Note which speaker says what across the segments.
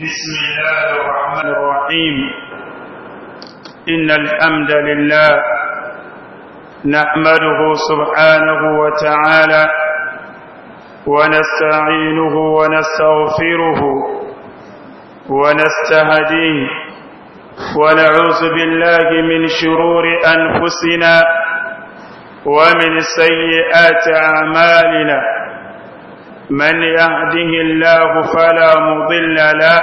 Speaker 1: بسم الله الرحمن الرحيم إن الحمد لله نحمده سبحانه وتعالى ونستعينه ونستغفره ونستهديه ونعوذ بالله من شرور أنفسنا ومن سيئات أعمالنا من يهده الله فلا مضل له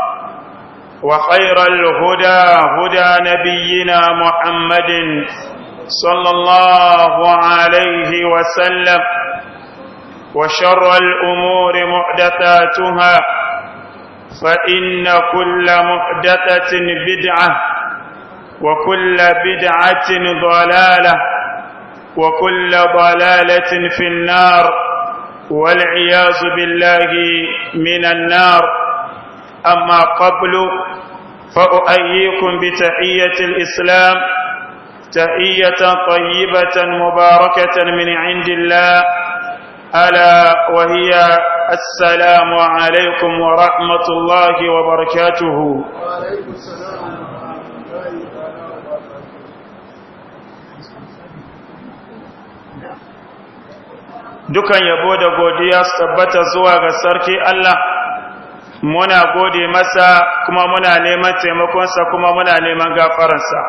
Speaker 1: وخير الهدى هدى نبينا محمد صلى الله عليه وسلم وشر الأمور محدثاتها فإن كل محدثة بدعة وكل بدعة ضلالة وكل ضلالة في النار والعياذ بالله من النار أما قبل فأؤيكم بتحية الإسلام تحية طيبة مباركة من عند الله ألا وهي السلام عليكم ورحمة الله وبركاته dukan yabo da godiya su tabbata zuwa ga sarki Allah muna gode masa kuma muna neman taimakonsa kuma muna neman gafaransa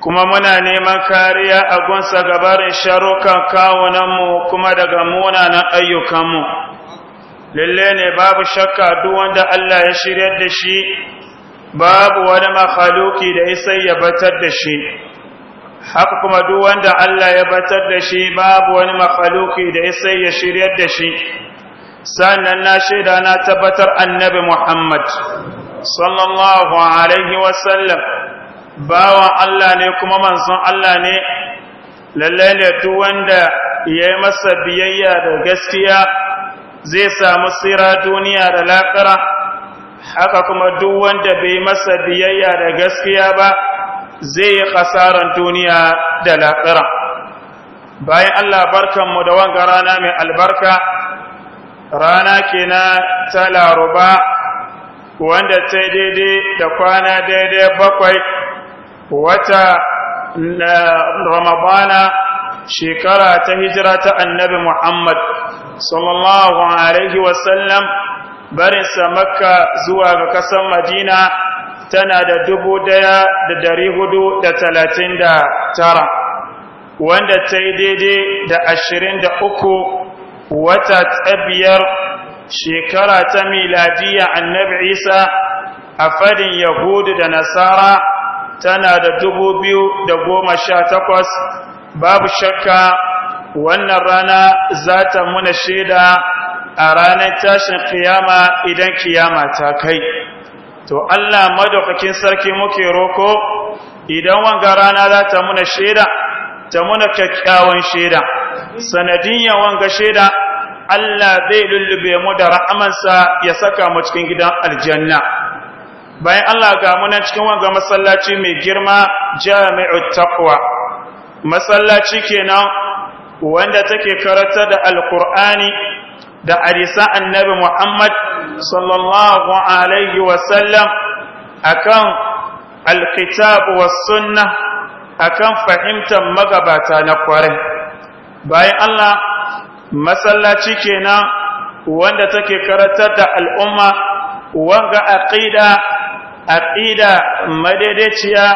Speaker 1: kuma muna neman kariya a gunsa gabarin sharukan kawunanmu kuma daga munanan ayyukanmu lalle ne babu shakka duk wanda Allah ya shiryar da shi babu wani makhaluki da ya batar da shi haka kuma duk wanda Allah ya batar da shi babu wani makaluki da ya sai ya shiryar da shi sannan na shaida na tabbatar annabi Muhammad sallallahu alaihi wasallam bawan Allah ne kuma manzon Allah ne lalle ne duk wanda ya yi masa biyayya da gaskiya zai samu tsira duniya da lakara? haka kuma duk wanda bai masa biyayya da gaskiya ba zai yi kasaran duniya da lafira bayan Allah barkanmu da wanga rana mai albarka rana na ta laruba wanda ta daidai da kwana daidai bakwai wata ramadana shekara ta hijira ta annabi muhammad sallallahu alaihi wasallam barinsa makka zuwa ga kasan madina tana da dubu daya da dari hudu da talatin da tara wanda ta yi daidai da ashirin da uku wata tsabiyar shekara ta miladiya annabi isa a fadin yahudu da nasara tana da dubu biyu da goma sha takwas babu shakka wannan rana za ta muna shaida a ranar tashin kiyama idan kiyama ta kai to Allah madaukakin sarki muke roko idan wanga rana za ta muna shaida ta muna kyakkyawan shaida sanadiyya wanga shaida Allah zai lullube mu da rahamansa ya saka mu cikin gidan aljanna bayan Allah ga mu nan cikin wanga masallaci mai girma jami'ut taqwa masallaci kenan wanda take karanta da alqur'ani da arisa annabi Muhammad sallallahu alaihi wasallam akan alkitab wa sunna akan fahimtar magabata na kwarai bayan Allah masallaci kenan wanda take karatar da al'umma wanga aqida aqida madaidaiciya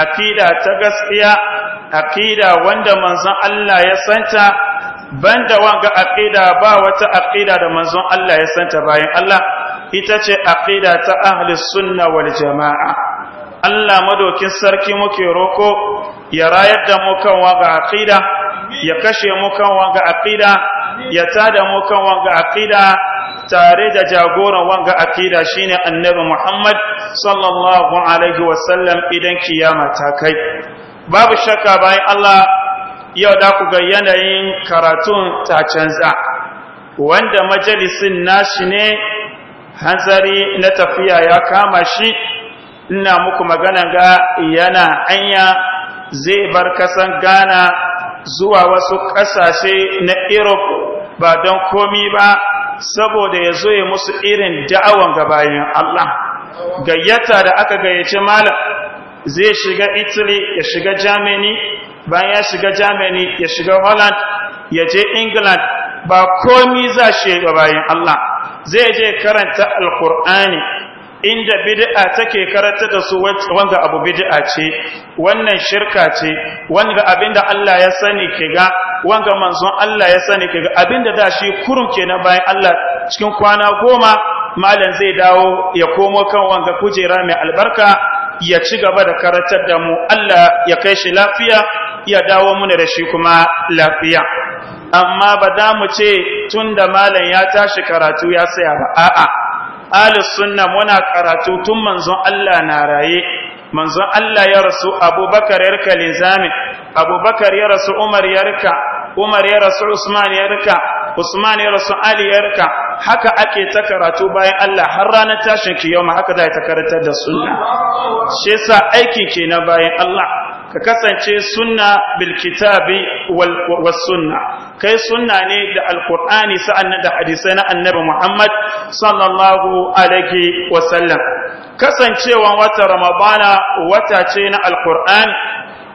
Speaker 1: aqida ta gaskiya aqida wanda manzon Allah ya santa banda wanga aqida ba wata aqida da manzon Allah ya santa bayan Allah ita ce aqida ta ahli sunna wal jama'a Allah madokin sarki muke roko ya rayar da mu kan wanga aqida ya kashe mu kan wanga aqida ya tada mu kan wanga aqida tare da jagoran wanga aqida shine annabi Muhammad sallallahu alaihi wasallam idan kiyama ta kai babu shakka bayan Allah yau da ku ga yanayin karatun ta canza wanda majalisin nashi ne hanzari na tafiya ya kama shi ina muku magana ga yana anya zai bar kasan gana zuwa wasu ƙasashe na Europe ba don komi ba saboda ya zo ya musu irin da'awan gabayin Allah gayyata da aka gayyace malam zai shiga Italy ya shiga Germany bayan ya shiga Germany ya shiga Holland ya je England ba komi za shi ba bayan Allah zai je karanta alkur'ani inda bid'a take karanta da su wanda abu bid'a ce wannan shirka ce wanda abinda Allah ya sani ke ga, wanda manzon Allah ya sani ke ga, abinda da shi kurun na bayan Allah cikin kwana goma malam zai dawo ya komo kan wanga kujera mai albarka ya ci gaba da karatar da mu Allah ya kai shi lafiya ya dawo muna da shi kuma lafiya amma ba za mu ce tun da malam ya tashi karatu ya saya ba a'a ahlus sunna muna karatu tun manzon Allah na raye manzon Allah ya rasu abubakar ya rika linzami abubakar ya rasu umar ya rika umar ya rasu usman ya rika Usman ya rasu Ali ya rika haka ake ta karatu bayan Allah har ranar tashin kiyama haka za ta karatar da sunna shi yasa aiki ke na bayan Allah ka kasance sunna bil kitabi was sunna kai sunna ne da alqur'ani sa'annan da hadisai na annabi Muhammad sallallahu alaihi wa sallam kasancewan wata ramadana wata ce na alqur'ani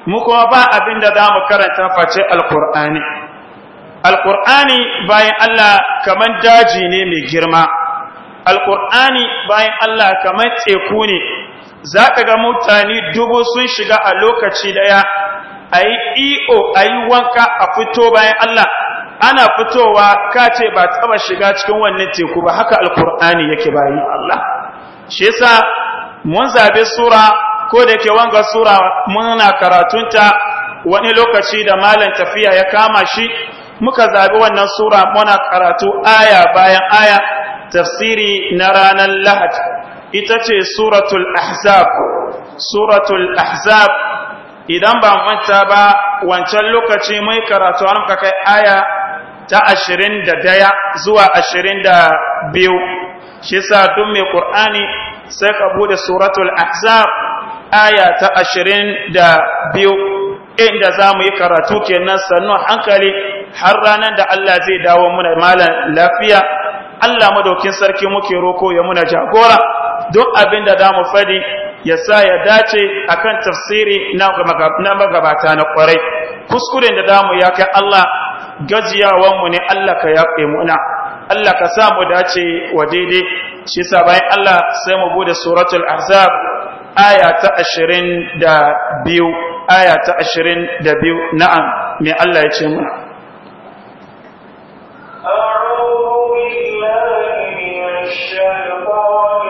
Speaker 1: mu kuma ba abin da za mu karanta face alqur'ani alƙur'ani bayan Allah kaman daji ne mai girma alƙur'ani bayan Allah kaman teku ne za ka ga mutane dubu sun shiga a lokaci daya a yi iyo a yi wanka a fito bayan Allah ana fitowa ka ce ba taba shiga cikin wannan teku ba haka alƙur'ani yake bayan Allah shi yasa mun zabe sura ko da ke wanga sura muna karatunta wani lokaci da malam tafiya ya kama shi muka zaɓi wannan sura muna karatu aya bayan aya tafsiri na ranar lahad ita ce suratul ahzab suratul ahzab idan ba manta ba wancan lokaci mai karatu an muka kai aya ta ashirin da daya zuwa ashirin da biyu shi sa duk mai ƙur'ani sai ka bude suratul ahzab aya ta ashirin da biyu inda za mu yi karatu kenan sannu hankali har ranar da Allah zai dawo muna malam lafiya Allah madaukin sarki muke roko ya muna jagora duk abin da zamu fadi ya sa ya dace akan tafsiri na magabata na kwarai kuskuren da damu ya kai Allah gajiyawan mu ne Allah ka yafe muna Allah ka sa mu dace wa daidai shi sa bayan Allah sai mu bude suratul ahzab aya ta 22 aya ta 22 na'am me Allah ya ce muna الشيطان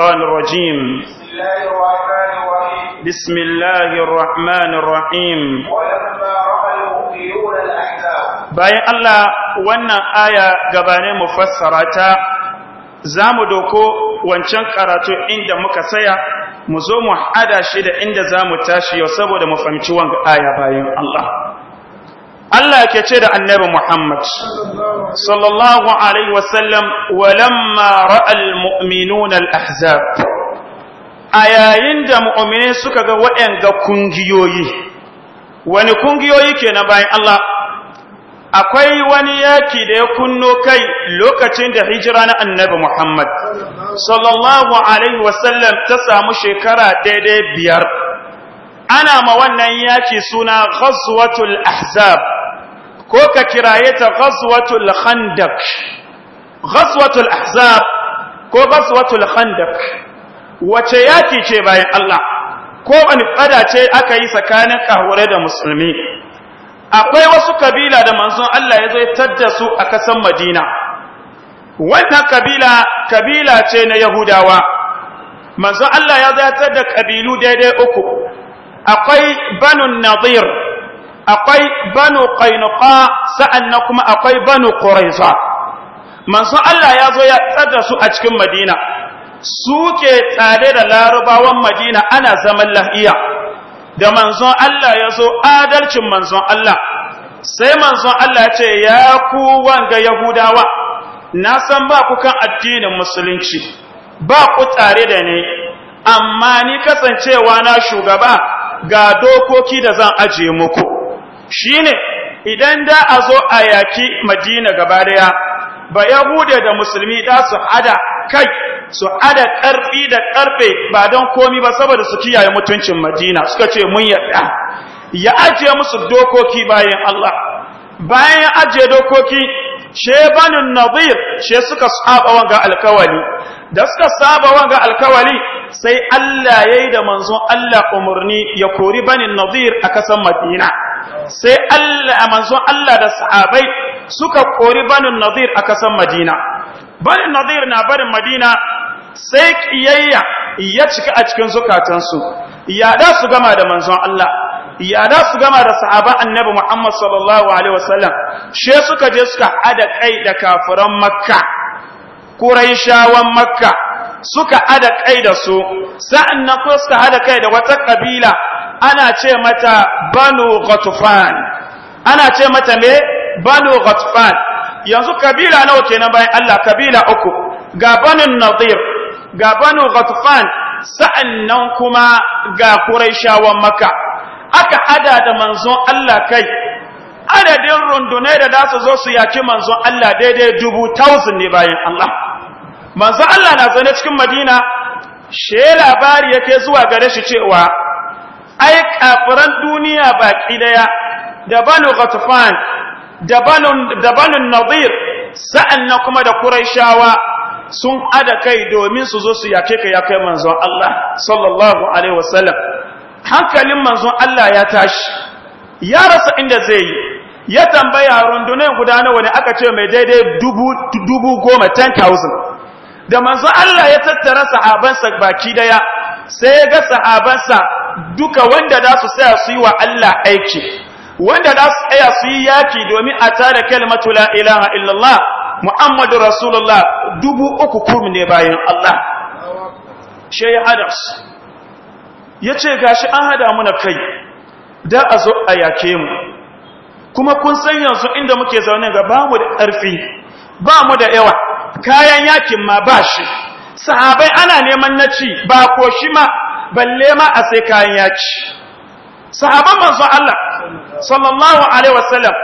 Speaker 1: الشيطان الرجيم بسم الله الرحمن الرحيم bayan Allah wannan aya gabanin mu fassara ta za mu doko wancan karatu inda muka saya mu zo mu hada shi da inda za mu tashi yau saboda mu fahimci wanga aya bayan Allah Allah ke ce da annabi Muhammad Sallallahu alaihi عليه وسلم ولما رأى المؤمنون الأحزاب أيين da مؤمنين suka ga waɗanda كنجيوي wani kungiyoyi ke na bayan Allah akwai wani yaki da ya kunno kai lokacin da hijira na annabi Muhammad sallallahu alaihi wasallam ta samu shekara daidai biyar ana ma wannan yaki suna ghazwatul ahzab ko ka kiraye ta ghazwatul khandaq ghazwatul ahzab ko ghazwatul khandaq wace yaki ce bayan Allah ko wani fada ce aka yi tsakanin kahore da musulmi akwai wasu kabila da manzon Allah ya zai tadda su a kasan Madina wannan kabila kabila ce na Yahudawa manzon Allah ya zai tadda kabilu daidai uku akwai banun nadir akwai banu sa'an sa'annan kuma akwai banu quraiza manzo Allah ya zo ya tsada su a cikin Madina ke tsare da larabawan Madina ana zaman lahiya da manzon Allah ya zo adalcin manzo Allah sai manzon Allah ya ce ya ku wanga yahudawa na san ba ku kan addinin musulunci ba ku tsare da ne amma ni kasancewa na shugaba ga dokoki da zan aje muku Shi ne idan da a zo a yaki madina gaba daya ba bude da musulmi da su hada kai su hada karfi da karfe ba don komi ba saboda su kiyaye mutuncin madina suka ce mun yarda ya ajiye musu dokoki bayan Allah bayan ajiye dokoki banin nadir she suka saba wanga alkawali da suka saba wanga alkawali sai Allah ya yi da manzon Allah umarni ya kori banin nadir a kasan madina sai Allah manzon Allah da sahabai suka kori banin nadir a kasan madina banin nadir na barin madina sai kiyayya ya cika a cikin zukatansu ya da su gama da manzon Allah ya da su gama da sahaba annabi Muhammad sallallahu alaihi wasallam she suka je suka hada kai da kafiran makka kuraishawan Makka suka ada kai da su sa'an nan ko suka hada kai da wata kabila ana ce mata Banu Ghatfan ana ce mata me Banu Ghatfan yanzu kabila nawa kenan bayan Allah kabila uku ga Banu Nadir ga Banu Ghatfan sa'an kuma ga kuraishawan Makka aka ada da manzon Allah kai adadin rundunai da za su zo su yaki manzon Allah daidai dubu ne bayan Allah manzo Allah na zaune cikin Madina she labari yake zuwa gare shi cewa ai kafiran duniya baki daya da banu qatfan da banu da banu nadir sa'anna kuma da quraishawa sun ada kai domin su zo su yake kai yake manzo Allah sallallahu alaihi wasallam hankalin manzo Allah ya tashi ya rasa inda zai yi ya tambaya rundunar guda nawa ne aka ce mai daidai dubu goma 10,000 da manzo Allah ya tattara sahabansa baki daya sai ya ga sahabansa duka wanda za su tsaya su yi wa Allah aiki wanda za su tsaya su yi yaki domin a tare kalmatu la ilaha illallah muhammadu rasulullah dubu uku kurmi ne bayan Allah shi ya hada ce gashi an hada muna kai da a zo a yake mu kuma kun san yanzu inda muke zaune ga bamu mu da ƙarfi ba mu da yawa kayan yakin ma ba shi sahabai ana neman na ci ba ko shi ma balle ma a sai kayan yaki sahaban manzo Allah sallallahu alaihi wasallam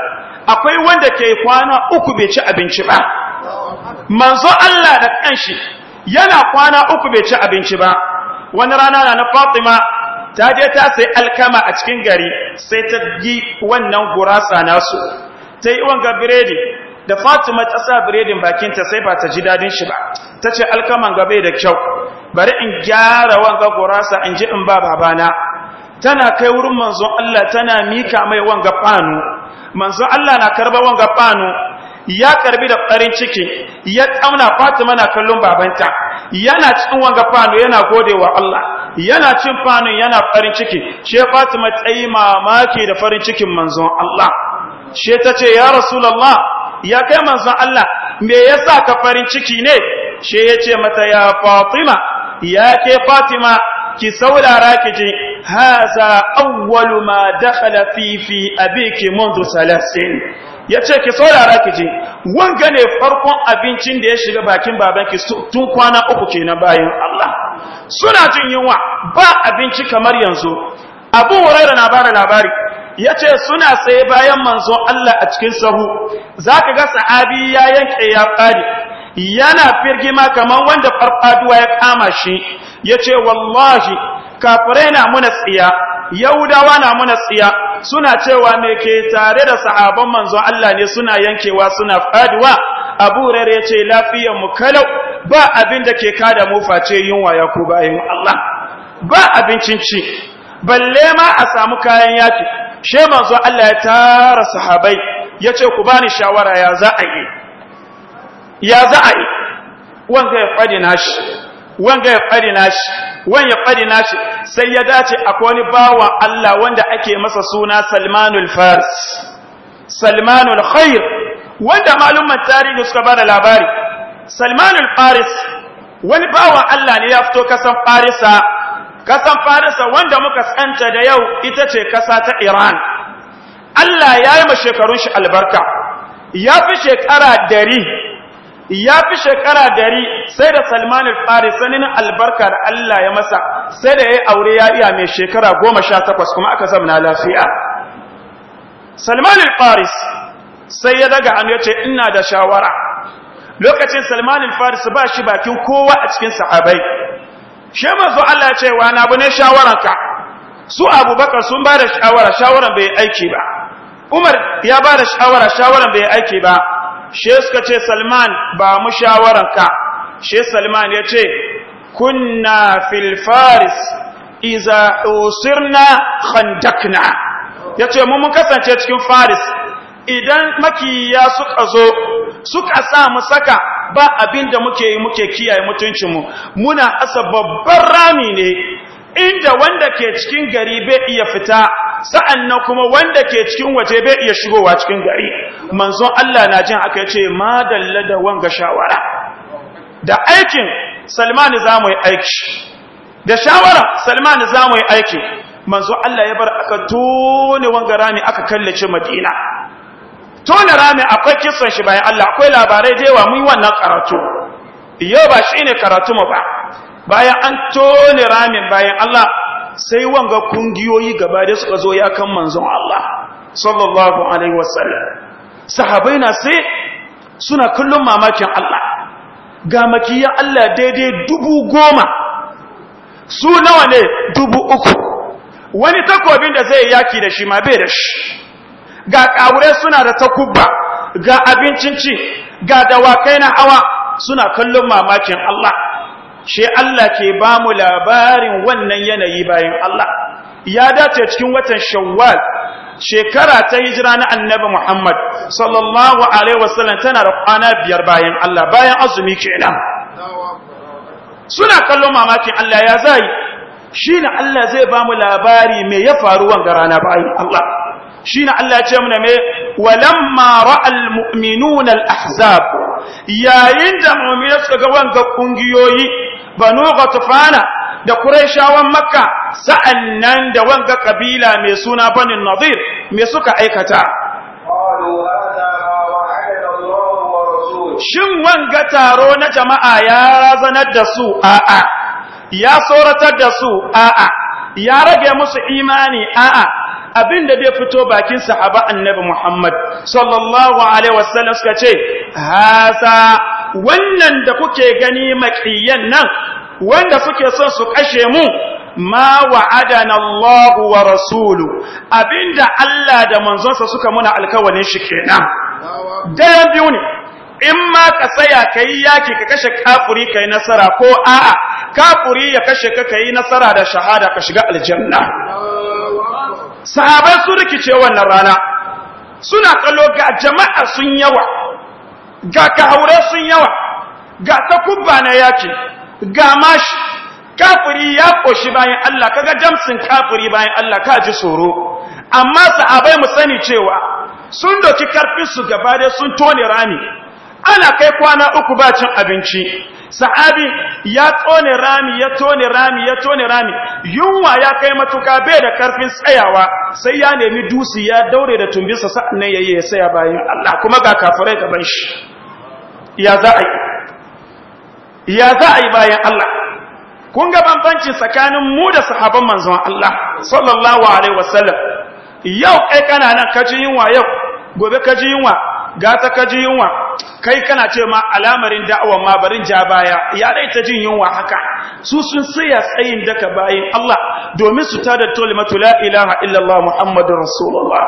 Speaker 1: akwai wanda ke kwana uku bai ci abinci ba manzo Allah da kanshi yana kwana uku bai ci abinci ba wani rana na Fatima ta je ta sai alkama a cikin gari sai ta gi wannan gurasa nasu ta yi wanga biredi da fatima ta sa biredin bakinta sai ba ta ji dadin shi ba ta ce alkaman gabe da kyau bari in gyara wanga gurasa in ji in ba babana tana kai wurin manzon Allah tana mika mai wanga fanu manzon Allah na karba wanga fanu ya karbi da farin ciki ya tsauna fatima na kallon babanta yana cikin wanga fanu yana gode wa Allah yana cin fanu yana farin ciki she fatima tsayi mamaki da farin cikin manzon Allah she ta ce ya rasulullah ya kai manzon Allah me yasa ka farin ciki ne she yace mata ya Fatima ya ke Fatima ki saurara ki ji haza awwalu ma dakhala fi fi abiki mundu salasin ya ce ki saurara ki je wanga ne farkon abincin da ya shiga bakin babanki tun kwana uku kenan bayan Allah suna jin yunwa ba abinci kamar yanzu abu huraira na bada labari ya ce suna tsaye bayan manzon Allah a cikin sahu za ka ga sa'abi ya yanke ya ƙari yana firgima kamar wanda farfaduwa ya kama shi ya ce wallahi kafirai na muna tsiya yahudawa na muna tsiya suna cewa me ke tare da sahaban manzon Allah ne suna yankewa suna faduwa abu rere ya ce lafiyar mu kalau ba abin da ke kada mu face yunwa ya ku bayan Allah ba abincin ci balle ma a samu kayan yaki she manzo Allah ya tara sahabbai ya ce ku bani shawara ya za a yi ya za a yi wanga ya faɗi nashi wanga ya faɗi nashi wanga ya faɗi nashi sai ya dace akwai wani bawan Allah wanda ake masa suna Salmanul Faris Salmanul Khair wanda malumman tarihi suka bada labari Salmanul Faris wani bawan Allah ne ya fito kasan Farisa kasan farisa wanda muka tsanta da yau ita ce kasa ta iran allah ya yi ma shekarun shi albarka ya fi shekara dari ya fi shekara dari sai da salman al-farisanin albarka da Allah ya masa sai da ya aure ya iya mai shekara goma sha takwas kuma aka na lafiya salman faris sai ya daga hannu ya ce ina da shawara lokacin salman al-faris ba shi bakin kowa a cikin sahabai shi manzo Allah ce wa na bune shawararka su abubakar sun ba da shawara shawaran bai aiki ba umar ya ba da shawara shawaran bai aiki ba shi suka ce salman ba mu shawararka shi salman ya ce kunna fil faris iza usirna khandakna ya ce mu mun kasance cikin faris idan makiya suka zo suka sa mu saka ba abin da muke yi muke kiyaye mutuncinmu muna asa babban rami ne inda wanda ke cikin gari bai iya fita sa'annan kuma wanda ke cikin waje bai iya shigowa cikin gari manzon Allah na jin aka ce ma dalla da wanga shawara da aikin Salman za mu yi aiki da shawara Salman za mu yi aiki manzo Allah ya bar aka tone wanga rami aka kallace Madina tona rami akwai kisan shi bayan Allah akwai labarai da yawa mun wannan karatu yau ba shi ne karatu mu ba bayan an tona ramin bayan Allah sai wanga kungiyoyi gaba da suka zo ya kan manzon Allah sallallahu alaihi wasallam sahabbai na sai suna kullum mamakin Allah ga makiyan Allah daidai dubu goma su nawa ne dubu uku wani takobin da zai yaki da shi ma bai da shi ga ƙawure suna da takubba ga abincin ci ga dawakai na hawa suna kallon mamakin Allah shi Allah ke ba mu labarin wannan yanayi bayan Allah ya dace cikin watan shawwal shekara ta hijira na annabi Muhammad sallallahu alaihi wasallam tana da kwana biyar bayan Allah bayan azumi kenan suna kallon mamakin Allah ya zai ne Allah zai ba mu labari mai ya faru wanga rana bayan Allah shine Allah ya ce mana me walamma al mu'minuna al-ahzab yayin da mu'mina suka ga wanga kungiyoyi banu qatfana da quraishawan makka sa'annan da wanga kabila mai suna banin nadir me suka aikata shin wanga taro na jama'a ya razanar da su a'a ya tsoratar da su a'a ya rage musu imani a'a abin da zai fito bakin sahaba annabi Muhammad sallallahu alaihi wasallam suka ce hasa wannan da kuke gani makiyan nan wanda suke son su kashe mu ma wa'adana Allahu wa rasulu abinda Allah da manzonsa suka muna alkawarin shi kenan dayan biyu ne in ma ka tsaya ka yi yaki ka kashe kafuri ka nasara ko a'a kafuri ya kashe ka ka nasara da shahada ka shiga aljanna sahabai sun rikice wannan rana suna kallo ga jama'a sun yawa ga kaure sun yawa ga takubba na yaki ga mashi kafiri ya koshi bayan Allah kaga jamsin kafiri bayan Allah ka ji tsoro amma sahabai mu sani cewa sun doki karfin su gaba dai sun tone rami ana kai kwana uku ba cin abinci sahabi ya tone rami ya tone rami ya tone rami yunwa ya kai matuka bai da karfin tsayawa sai ya nemi dusi ya daure da tumbinsa sa'annan yayi ya saya bayan Allah kuma ga kafirai gaban shi ya za a yi ya za a yi bayan Allah kun ga bambanci tsakanin mu da sahabban manzon Allah sallallahu alaihi wasallam yau kai kana nan kaji yunwa yau gobe kaji yunwa ga ta ka ji yunwa kai kana ce ma alamarin da'awan ma barin ja baya ya dai ta jin yunwa haka su sun saya tsayin daka bayin Allah domin su tole tolimatu la ilaha illallah muhammadur rasulullah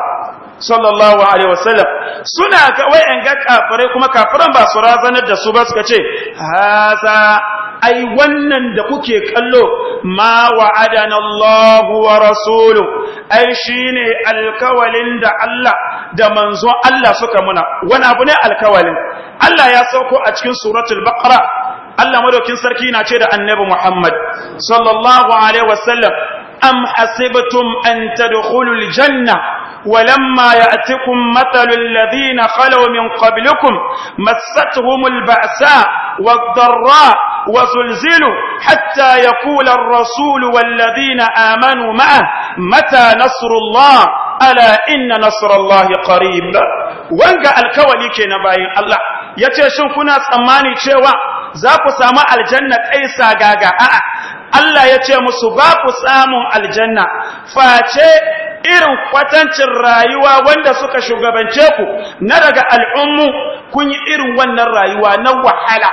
Speaker 1: sallallahu alaihi wasallam suna ga wayan ga kafirai kuma kafiran ba su razanar da su ba suka ce haza ai wannan da kuke kallo ma wa'adana Allahu wa rasulu ai shine alkawalin da Allah da manzo Allah suka muna wani abu ne alkawalin Allah ya sauko a cikin suratul baqara Allah madaukin sarki na ce da annabi Muhammad sallallahu alaihi wasallam am hasibtum an tadkhulul janna ولما يأتكم مثل الذين خلوا من قبلكم مستهم البأساء والضراء وزلزلوا حتى يقول الرسول والذين آمنوا معه متى نصر الله ألا إن نصر الله قريب wanga alkawali ke na bayan Allah ya ce shin kuna tsammani cewa za ku samu aljanna ƙaisa gaga a'a Allah ya ce musu ba ku samun aljanna face irin kwatancin rayuwa wanda suka shugabance ku na daga al'ummu kun yi irin wannan rayuwa na wahala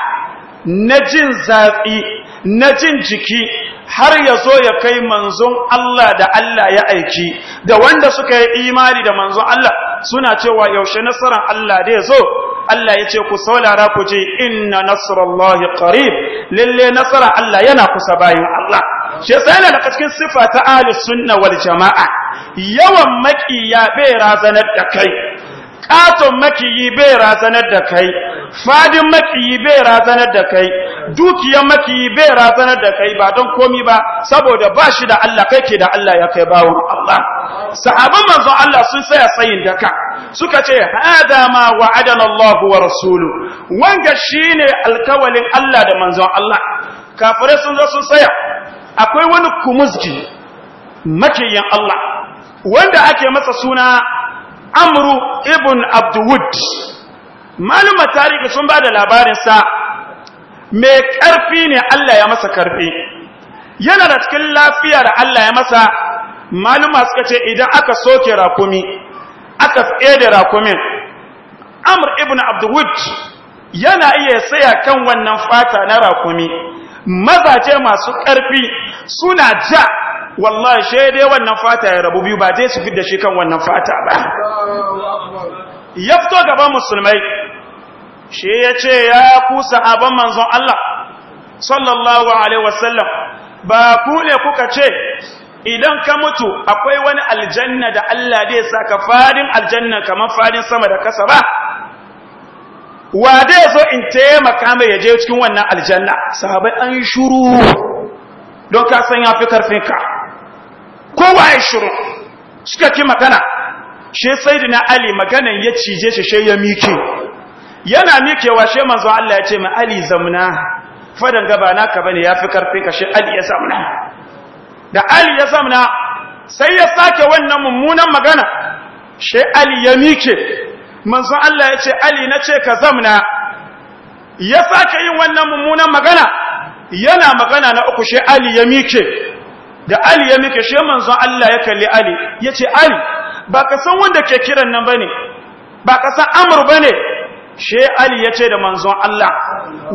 Speaker 1: na jin zafi na jin jiki har ya zo ya kai manzon Allah da Allah ya aiki da wanda suka yi imani da manzon Allah suna cewa yaushe nasarar Allah da ya zo Allah ya ce ku saulara ku ce inna nasarallahi qarib lalle nasarar Allah yana kusa bayan Allah shi yasa yana daga cikin sifa ta ahlus sunna wal jamaa yawan makiya bai razanar da kai katon makiyi bai razanar da kai fadin makiyi bai razanar da kai dukiyar makiyi bai razanar da kai ba don komi ba saboda ba shi da Allah kai ke da Allah ya kai bawo Allah sahabban manzon Allah sun saya tsayin daka suka ce hada ma wa'adana Allah wa rasulu wanga shine alkawalin Allah da manzon Allah kafare sun zo sun saya akwai wani kumuzki makiyin Allah wanda ake masa suna amru ibn abduwud maluma tarihi sun ba da labarinsa mai ƙarfi ne Allah ya masa ƙarfi yana da cikin lafiya da Allah ya masa maluma suka ce idan aka soke rakumi aka tsaye da rakumin Amur ibn abduwud yana iya tsaya kan wannan fata na rakumi mazaje masu ƙarfi suna ja wallahi shi dai wannan fata ya rabu biyu ba zai su fidda shi kan wannan fata ba ya fito gaban musulmai shi ya ce ya kusa abin manzon Allah sallallahu alaihi wasallam ba ku ne kuka ce idan ka mutu akwai wani aljanna da Allah dai saka fadin aljanna kamar fadin sama da kasa ba wa dai zo in taimaka mai ya je cikin wannan aljanna sahabai an shuru don ka san ya fi karfinka kowa ya shiru suka ki magana she na ali maganan ya cije shi she ya mike yana mikewa she manzo Allah ya ce ma ali zamna fadan gaba ka bane yafi karfin ka she ali ya zamna da ali ya zamna sai ya sake wannan mummunan magana she ali ya mike manzo Allah ya ce ali na ce ka zamna ya sake yin wannan mummunan magana yana magana na uku she ali ya mike da ali ya mike shi manzon Allah ya kalli ali ya ce ali ba ka san wanda ke kiran nan ba ne ba ka san amur ba ne shi ali ya ce da manzon Allah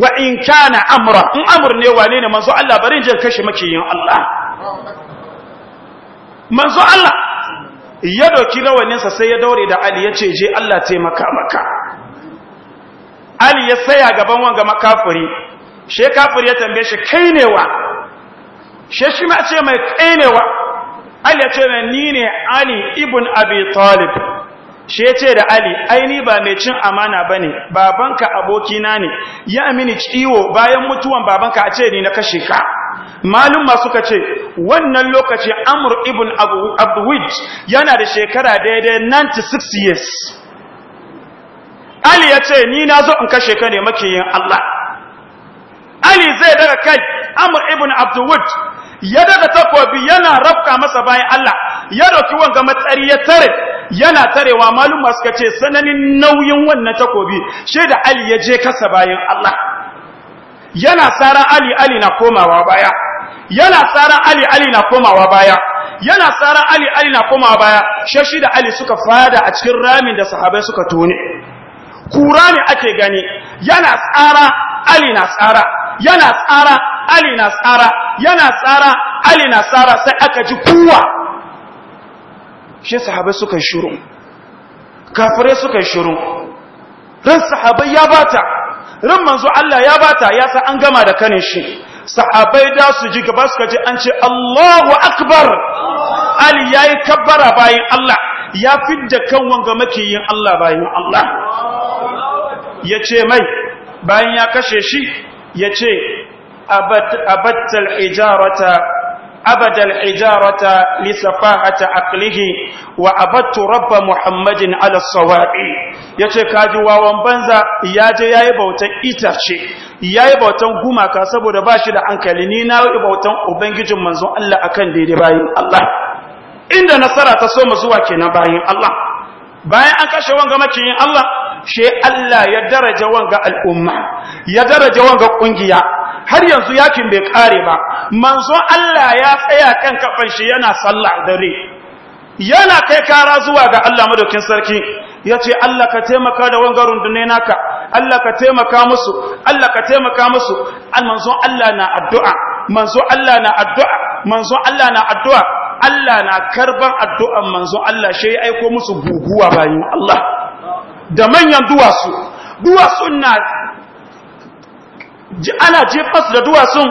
Speaker 1: wa in kana amra in amur ne wane ne manzon Allah bari jin kashe yin Allah manzon Allah ya doki rawaninsa sai ya daure da ali ya ce je Allah taimaka maka ali ya tsaya gaban wanga makafiri she kafuri ya tambaye shi kai ne wa shi ma ce mai kainewa Ali ya ce mai ni ne Ali ibn Abi Talib shi ya ce da Ali aini ba mai cin amana ba ne babanka abokina ne ya amini ciwo bayan mutuwan babanka a ce ni na kashe ka malum ma suka ce wannan lokaci amur ibn abduwij yana da shekara daidai 96 years ali ya ce ni na zo in kashe ka ne makiyin allah ali zai daga kai amur ibn abduwij ya daga takobi yana rafka masa bayan Allah ya dauki wanga matsari ya tare yana tarewa maluma suka ce sananin nauyin wannan takobi shi da Ali ya je kasa bayan Allah yana tsara Ali Ali na komawa baya yana tsara Ali Ali na komawa baya yana tsara Ali Ali na komawa baya shi da Ali suka fada a cikin ramin da sahabbai suka tone kura ne ake gani yana tsara Ali na tsara yana tsara ali na tsara yana tsara ali na tsara sai aka ji kuwa shi sahabai suka shiru kafirai suka shiru ran sahabai ya bata ran manzo Allah ya bata ya sa an gama da kanin shi sahabai da su ji gaba suka ji an ce Allahu akbar ali yayi kabbara bayan Allah ya fidda kan wanga makiyin Allah bayan Allah ya ce mai bayan ya kashe shi ya ce أبت ijarata أبد الحجارة wa wa rabba muhammadin muhammadin yace kaji wawan banza yaje yayi bautan itace yayi bautan gumaka saboda bashi da hankali ni na yi bautan ubangijin manzon Allah akan daidai bayin Allah inda nasara ta so mu zuwa kenan bayin Allah bayan an kashe wanga makiyin Allah she Allah ya daraja wanga al'umma ya daraja wanga kungiya har yanzu yakin bai kare ba manzo Allah ya tsaya kan kafan shi yana sallah dare yana kai kara zuwa ga Allah madaukin sarki yace Allah ka taimaka da wanga rundune naka Allah ka taimaka musu Allah ka taimaka musu manzo Allah na addu'a manzo Allah na addu'a manzo Allah na addu'a Allah na karban addu'an manzo Allah shi ya aiko musu guguwa bayan Allah da manyan duwatsu duwa na ana jefas da duwatsun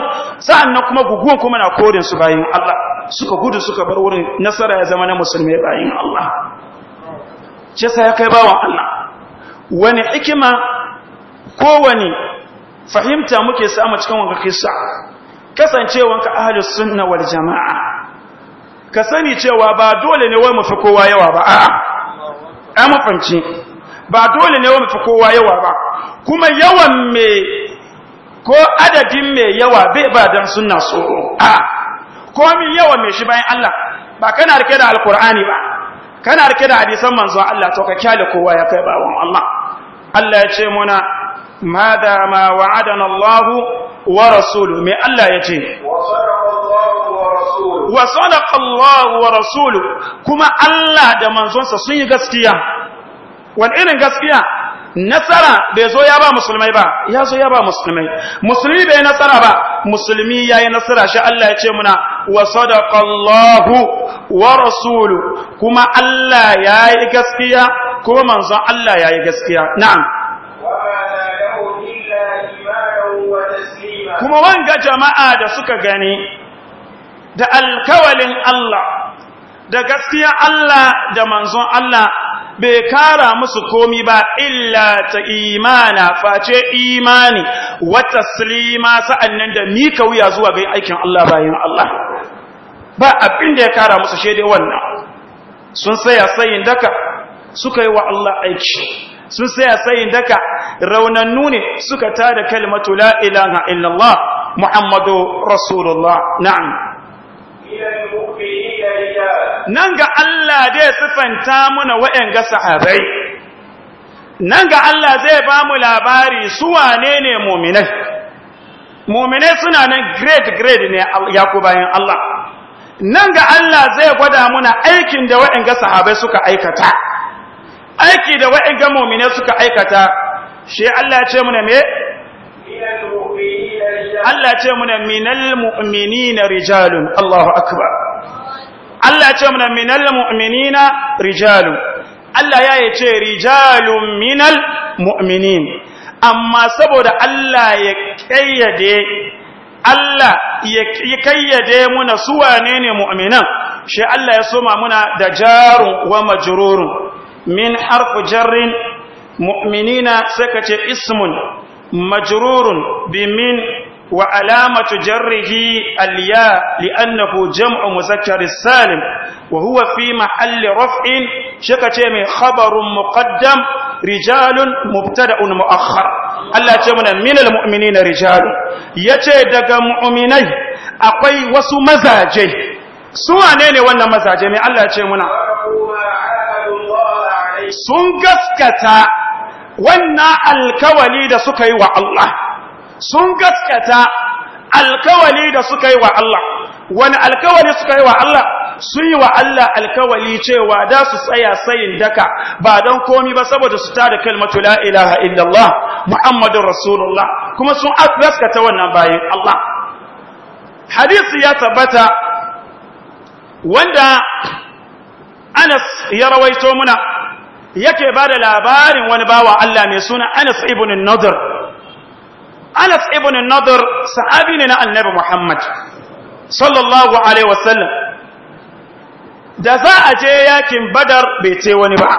Speaker 1: nan kuma guguwan kuma na korin su bayin Allah suka gudu suka bar wurin nasara ya zama na musulmi bayin Allah ce ya kai bawan Allah wani hikima kowani fahimta muke samu cikin wanka kisa kasancewanka ahlus sunna wal jama'a ka sani cewa ba dole ne wai mu kowa yawa ba a'a a mafanci ba dole ne wai mu kowa yawa ba kuma yawan mai ko adadin mai yawa bai ba dan sunna tsoro a ko min yawa mai shi bayan Allah ba kana rike da alkur'ani ba kana rike da hadisan manzon Allah to ka kyale kowa ya kai bawon Allah Allah ya ce muna da ma wa'adana Allah wa rasulu, me Allah ya ce wa sadaqa Allah wa rasulu, kuma Allah da manzonsa sun yi gaskiya wani irin gaskiya nasara bai zo ya ba musulmai ba ya zo ya ba musulmai musulmi bai nasara ba musulmi ya yi nasara shi Allah ya ce muna wa sadaqallahu wa rasulu kuma Allah ya yi gaskiya ko manzon Allah ya yi gaskiya na'am kuma wanga jama'a da suka gani da alkawalin Allah da gaskiya Allah da manzon Allah bai kara musu komi ba illa ta imana face imani wa taslima sa'annan da mika wuya zuwa ga aikin Allah bayan Allah ba abin da ya kara musu dai wannan sun saya sayin daka suka yi wa Allah aiki sun saya sayin daka raunannu ne suka tada kalmatu la ilaha illallah muhammadu rasulullah na'am nan ga Allah zai sifanta muna waɗanga sahabai nan ga Allah zai ba mu labari su wane ne muminai mominai suna nan great-great ne ya ku bayan Allah nan ga Allah zai gwada muna aikin da waɗanga sahabai suka aikata aiki da waɗanga mominai suka aikata shi Allah ce muna me Allah ce muna minal mu'minina rijalun Allahu akbar Allah ya ce mana minal mu'minina rijalu Allah ya ce Rijalu minal mu'minin amma saboda Allah ya kayyade Allah ya kayyade muna su wanene ne mu'minan shi Allah ya soma muna da jarun wa majrurun min harfu jarrin mu'minina sai ka ce ismun majrurun bi min wa alamatu jarrihi alya li'annahu jam'u muzakkar salim wa huwa fi mahalli raf'in shaka ce mai khabarun muqaddam rijalun mubtada'un mu'akhkhar Allah ce mana min almu'minina rijal yace daga mu'minai akwai wasu mazaje su wane ne wannan mazaje mai Allah ce muna sun gaskata wannan alkawali da suka yi wa Allah sun gaskata alkawali da suka yi wa Allah wani alkawali suka yi wa Allah sun yi wa Allah alkawali cewa da su tsaya sayin daka ba don komi ba saboda su tada kalmatu la ilaha illallah muhammadun rasulullah kuma sun gaskata wannan bayan Allah hadisi ya tabbata wanda Anas ya rawaito muna yake ba da labarin wani bawa Allah mai suna Anas ibn Nadir Anas ibn Nadir sahabi ne na Annabi Muhammad sallallahu alaihi wasallam da za a je yakin Badar bai ce wani ba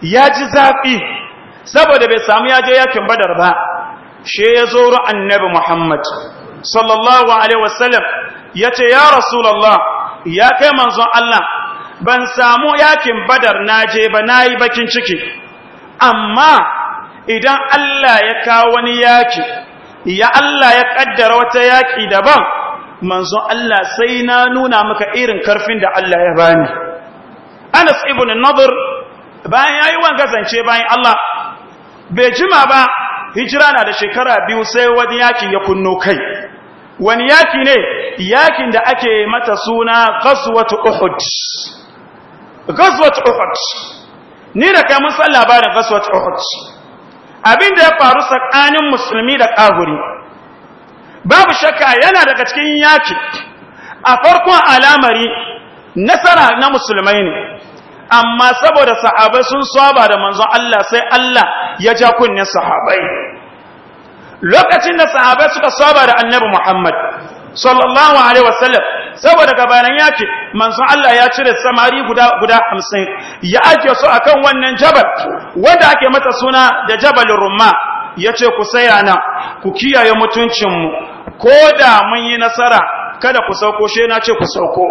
Speaker 1: ya ji zafi saboda bai samu ya je yakin Badar ba she ya zo ru Annabi Muhammad sallallahu alaihi wasallam ya ce ya Rasulullah ya kai manzon Allah ban samu yakin Badar je ba nayi bakin ciki amma idan Allah ya kawo wani yaki ya Allah ya kaddara wata yaki daban manzo Allah sai na nuna maka irin karfin da Allah ya bani Anas ibn Nadir bayan yayi wangazance bayan Allah bai jima ba hijira na da shekara biyu sai wani yaki ya kunno kai wani yaki ne yakin da ake mata suna qaswatu uhud qaswatu uhud ni da kai mun san labarin qaswatu uhud abin da ya faru tsakanin musulmi da kahuri babu shakka yana daga cikin yaki a farkon alamari nasara na musulmai ne amma saboda sahabai sun saba da manzon Allah sai Allah ya ja kunne sahabai lokacin da sahabai suka saba da annabi Muhammad sallallahu alaihi wasallam saboda gabanin ya manzon Allah ya cire samari guda guda 50 ya ake su akan wannan jabal wanda ake mata suna da jabalin rumma yace ku saya na ku kiyaye mutuncin mu koda mun yi nasara kada ku sauko she na ce ku sauko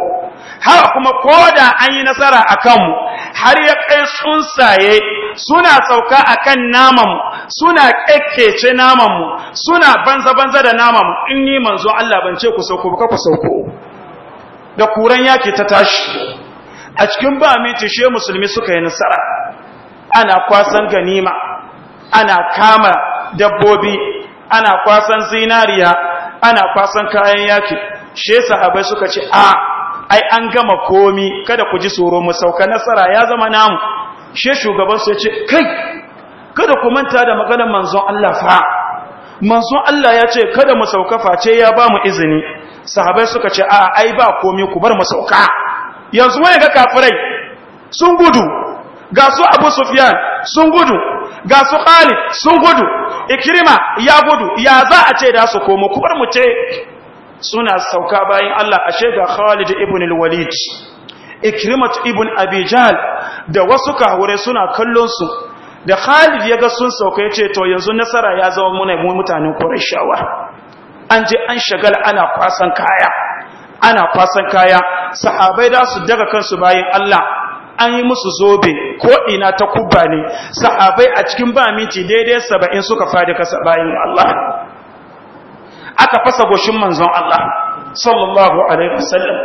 Speaker 1: har kuma koda an yi nasara akan mu har ya kai tsunsaye suna sauka akan naman suna kekkece namanmu suna banza-banza da namanmu in yi manzo Allah ban ce ku sauko ba ku sauko da kuran yaki ta tashi a cikin ba minti she musulmi suka yi nasara ana kwasan ganima ana kama dabbobi ana kwasan zinariya ana kwasan kayan yaki she sahabbai suka ce a ai an gama komi kada ku ji tsoro mu sauka nasara ya zama namu she shugaban su ya ce kai kada ku manta da maganar manzon Allah fa manzon Allah ya ce kada mu sauka face ya ba mu izini sahabbai suka ce a ai ba komai ku bar mu sauka yanzu waye ga kafirai sun gudu ga su Abu Sufyan sun gudu ga su Khalid sun gudu Ikrima ya gudu ya za a ce da su komo ku bar mu ce suna sauka bayan Allah ashe ga Khalid ibn al-Walid Ikrimat ibn Abijal da wasu kahure suna kallon su da Khalid ya ga sun sauka yace to yanzu nasara ya zama muna mu mutanen Qurayshawa an je an shagal ana kwasan kaya ana kwasan kaya sahabbai da su daga kansu bayin Allah an yi musu zobe ko ina ta kubba ne sahabbai a cikin ba minti daidai 70 suka fadi kasa bayin Allah aka fasa goshin manzon Allah sallallahu alaihi wasallam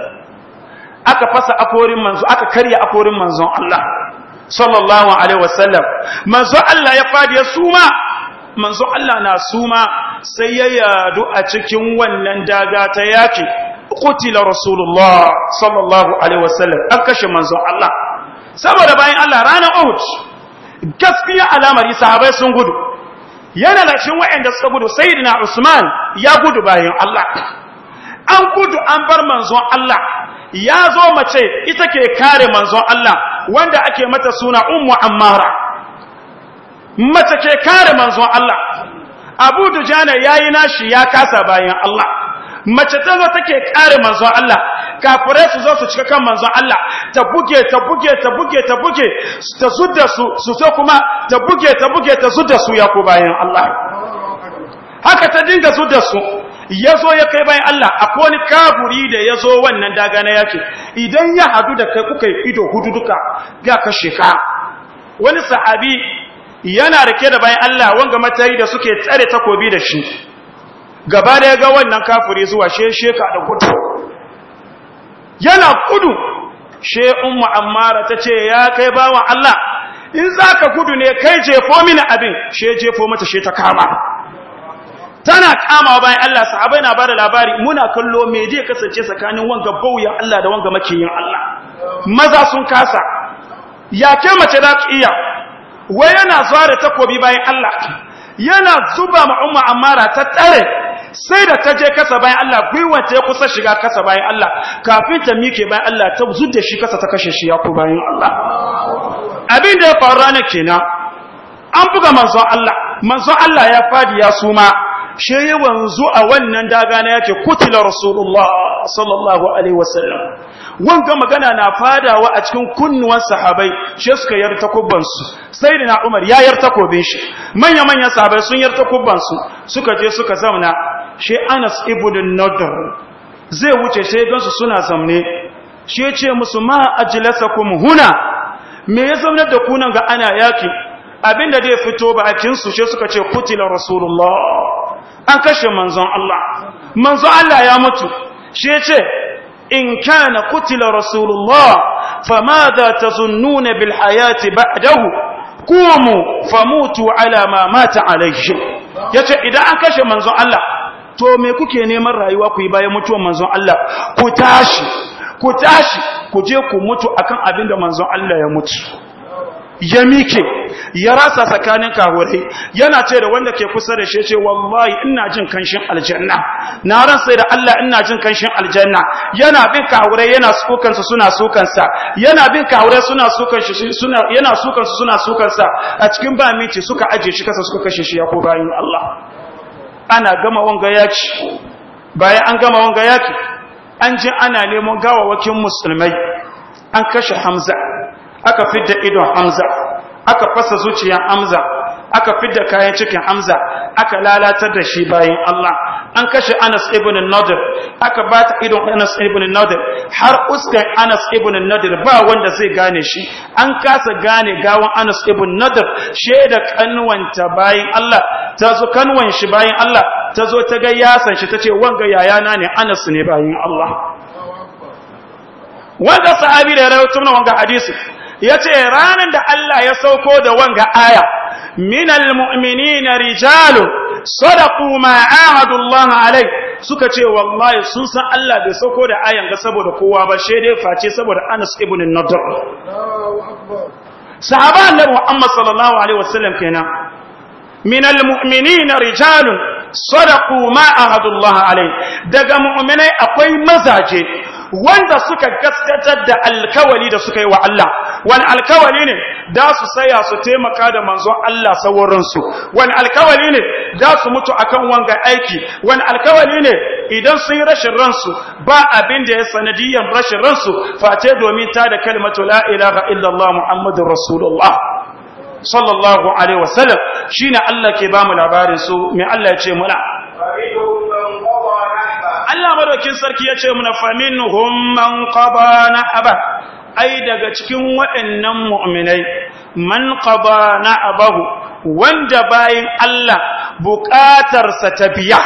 Speaker 1: aka fasa akorin manzo aka karya akorin manzon Allah sallallahu alaihi wasallam manzo Allah ya fadi ya suma manzo Allah na suma sai ya yadu a cikin wannan daga ta yaki qutila rasulullah sallallahu alaihi wasallam an kashe manzo Allah saboda bayan Allah ranar Uhud gaskiya alamari sahabbai sun gudu yana da shin wa'anda suka gudu sayyidina Usman ya gudu bayan Allah an gudu an bar manzon Allah ya zo mace ita ke kare manzon Allah wanda ake mata suna ummu ammara mace ke kare manzon Allah abu dujana yayi nashi ya kasa bayan Allah mace ta zo take kare manzon Allah kafure su zo su cika kan manzon Allah ta buge ta buge ta buge ta buge ta zudda su su so kuma ta buge ta buge ta zudda su ya ku bayan Allah haka ta dinga zudda su ya zo ya kai bayan Allah a wani kafuri da ya zo wannan daga na ce idan ya hadu da kai kuka yi ido hudu duka ga kashe ka wani sa'abi yana rike da bayan Allah wanga matayi da suke tsare takobi da shi gaba da ya ga wannan kafuri zuwa she sheka da gudu yana kudu she umma ammara ta ce ya kai bawan Allah in za ka gudu ne kai jefo mini abin she jefo mata she ta kama tana wa bayan Allah abai na bada labari muna kallo mai zai kasance tsakanin wanga bauya Allah da wanga makiyin Allah maza sun kasa ya ke mace za ta iya wai yana zuwa da takobi bayan Allah yana zuba ma umma amara ta tsare sai da ta je kasa bayan Allah gwiwa ta kusa shiga kasa bayan Allah kafin ta mike bayan Allah ta da shi kasa ta kashe shi ya ku bayan Allah abin da ya faru ranar kenan an buga manzon Allah manzon Allah ya fadi ya suma she wanzu a wannan daga na yake kutila rasulullah sallallahu alaihi wasallam wanga magana na fadawa a cikin kunnuwan sahabai. she suka yarta kubbansu. su na umar ya yarta kobin shi manya manyan sahabbai sun yarta kubbansu suka je suka zauna she anas ibudin nadr zai wuce sai gansu suna zamne shi ya ce musu ma kuma huna me ya zauna da kunan ga ana yaki abinda zai fito ba a kinsu shi suka ce kutila rasulullah an kashe manzon Allah manzon Allah ya mutu shi yace in kana kutila rasulullah famadha tazunnuna bil hayati ba'dahu qumu famutu ala ma mata alayhi yace idan an kashe manzon Allah to me kuke neman rayuwa ku yi bayan mutuwar manzon Allah ku tashi ku tashi ku je ku mutu akan abin da manzon Allah ya mutu ya mike ya rasa tsakanin kahurai yana ce da wanda ke kusa da shi ce wallahi ina jin kanshin aljanna na ran sai da Allah ina jin kanshin aljanna yana bin kahurai yana sukan su suna sukan sa yana bin kahurai suna sukan shi suna yana sukan su suna sukan sa a cikin ba miti suka aje shi kasa suka kashe shi ya ko bayin Allah ana gama wanga yaki bayan an gama wanga yaki an ji ana neman gawawakin musulmai an kashe Hamza aka fidda idon hamza aka fasa zuciyar hamza aka fidda kayan cikin hamza aka lalatar da shi bayan Allah an kashe Anas ibn Nadir aka bata idon Anas ibn Nadir har uskan Anas ibn Nadir ba wanda zai gane shi an kasa gane gawan Anas ibn Nadir shaida kanwanta bayan Allah ta zo kanwan shi bayan Allah ta zo ta ga yasan shi tace wanga yayana ne Anas ne bayan Allah wanda sahabi da ya wanga hadisi Ya ce ranar da Allah ya sauko da wanga aya minal mu'minina rijalu sadaqu ma ahadu Allah alai suka ce wallahi sun san Allah bai sauko da ayan ga saboda kowa ba she dai face saboda Anas ibn Nadr sahaba annabi Muhammad sallallahu alaihi wasallam kenan minal mu'minina rijalu sadaqu ma ahadu Allah alai daga mu'minai akwai mazaje wanda suka gaskatar da alkawali da suka yi wa Allah wani alkawali ne da su saya su taimaka da manzon Allah sauransu wani alkawali ne da su mutu akan wanga aiki wani alkawali ne idan sun yi rashin ransu ba abin da ya sanadiyyar rashin ransu face domin ta da kalmatu la ilaha illallah Muhammadu rasulullah sallallahu alaihi wasallam shine Allah ke bamu labarin su me Allah ya ce muna Allah madaukin sarki ya yace muna faminhum man na aba, ai daga cikin waɗannan mu'minai man na abahu, wanda bayin Allah buƙatarsa ta biya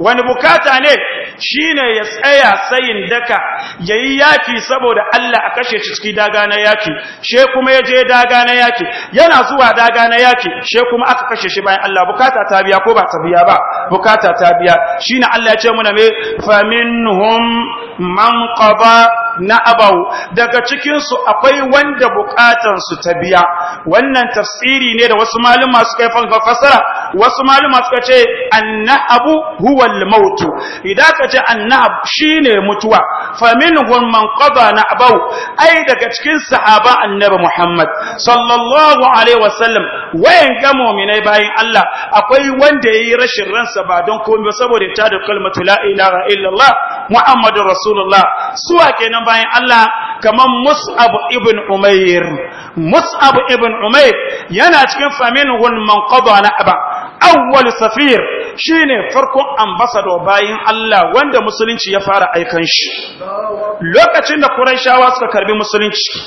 Speaker 1: wani bukata ne shi ne ya tsaya tsayin daka ya yi yaki saboda Allah a kashe shi ciki daga na yaki she kuma je daga na yaki yana zuwa daga na yaki she kuma aka kashe shi bayan Allah bukata ta biya ko ba ta biya ba bukata ta biya shi ne Allah ya ce muna me faminhum man qada na abau daga cikinsu akwai wanda bukatansu ta biya wannan tafsiri ne da wasu maluma suka yi fasara wasu masu suka ce na abu huwa huwal mautu idan ka ce annab shine mutuwa faminhum man qada na'bau ai daga cikin sahaba annabi Muhammad sallallahu alaihi wasallam wayan ga mu'minai bayin Allah akwai wanda yayi rashin ransa ba don komai ba saboda ta da kalmatu la ilaha illallah muhammadur rasulullah suwa kenan bayan Allah kaman mus'ab ibn umair mus'ab ibn umair yana cikin faminhum man qada na'ba awwal safir shine farkon ambassador bayin Allah wanda musulunci ya fara aikan shi lokacin da quraishawa suka karbi musulunci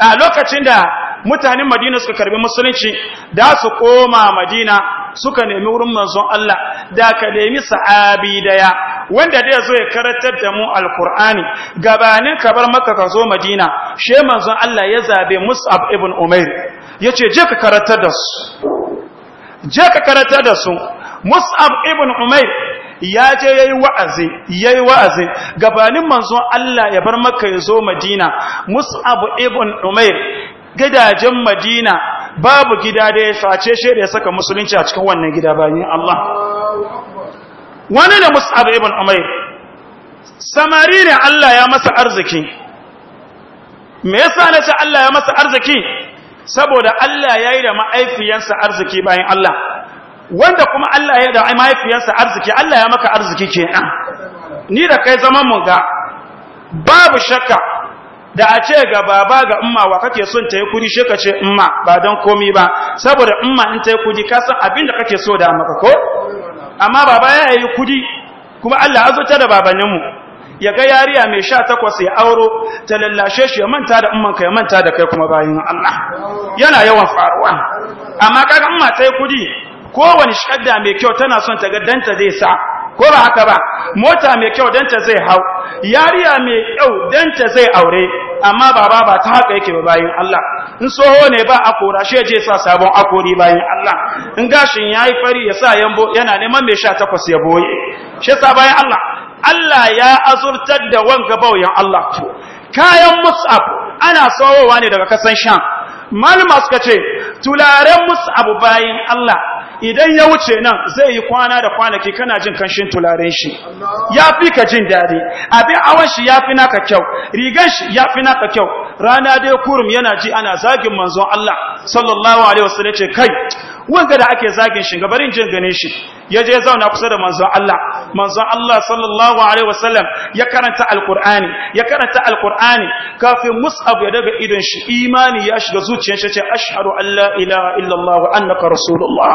Speaker 1: a lokacin da mutanen Madina suka karbi musulunci da su koma Madina suka nemi wurin manzon Allah da ka nemi sahabi daya wanda dai zo ya karantar da mu alqur'ani gabanin kabar makka ka zo Madina she manzon Allah ya zabe Mus'ab ibn Umair yace je ka karantar da su je ka karata da su mus'ab ibn umair ya je yayi wa'azi yayi wa'azi gabanin manzon Allah ya bar makka ya zo madina mus'ab ibn umair gidajen madina babu gida da ya face shi da ya saka musulunci a cikin wannan gida bayan Allah wani ne mus'ab ibn umayr samari ne Allah ya masa arziki me yasa sai Allah ya masa arziki saboda Allah ya yi da ma'aifiyansa arziki bayan Allah wanda kuma Allah ya yi da ma'aifiyansa arziki Allah ya maka arziki ke ɗan. ni da kai zaman mu ga babu shakka da a ce ga baba ga umma wa kake son ta yi kudi shi ka ce umma ba don komi ba saboda umma in ta yi kudi ka san abin da kake so da maka ko amma baba ya yi kudi kuma Allah azuta da babanninmu ya ga yariya mai sha takwas ya auro ta lallashe shi ya manta da ummanka ya manta da kai kuma bayan Allah yana yawan faruwa amma kaga umma ta yi kudi kowane shadda mai kyau tana son ta ga danta zai sa ko ba haka ba mota mai kyau danta zai hau yariya mai kyau danta zai aure amma baba ba ta haka yake ba bayan Allah in soho ne ba akora shi je sa sabon akori bayan Allah in gashin yayi fari ya sa yambo yana neman mai sha takwas ya boye shi sa bayan Allah Allah ya azurtar da wanga bauyan Allah kayan mus'ab ana sawowa ne daga kasan shan. malama suka ce tularen mus'ab bayan Allah idan ya wuce nan zai yi kwana da kwanaki kana jin kanshin tularen shi ya fi ka jin daɗi abin awon shi ya fi naka kyau rigan shi ya fi naka kyau rana dai kurum yana ji ana zagin manzon Allah sallallahu alaihi wasallam ce kai wanga da ake zagin shi gabarin jin gane shi ya je zauna kusa da manzon Allah manzon Allah sallallahu alaihi wasallam ya karanta alqur'ani ya karanta alqur'ani kafin mus'ab ya daga idan shi imani ya shiga zuciyar shi ce ashhadu an la ilaha illallah wa annaka rasulullah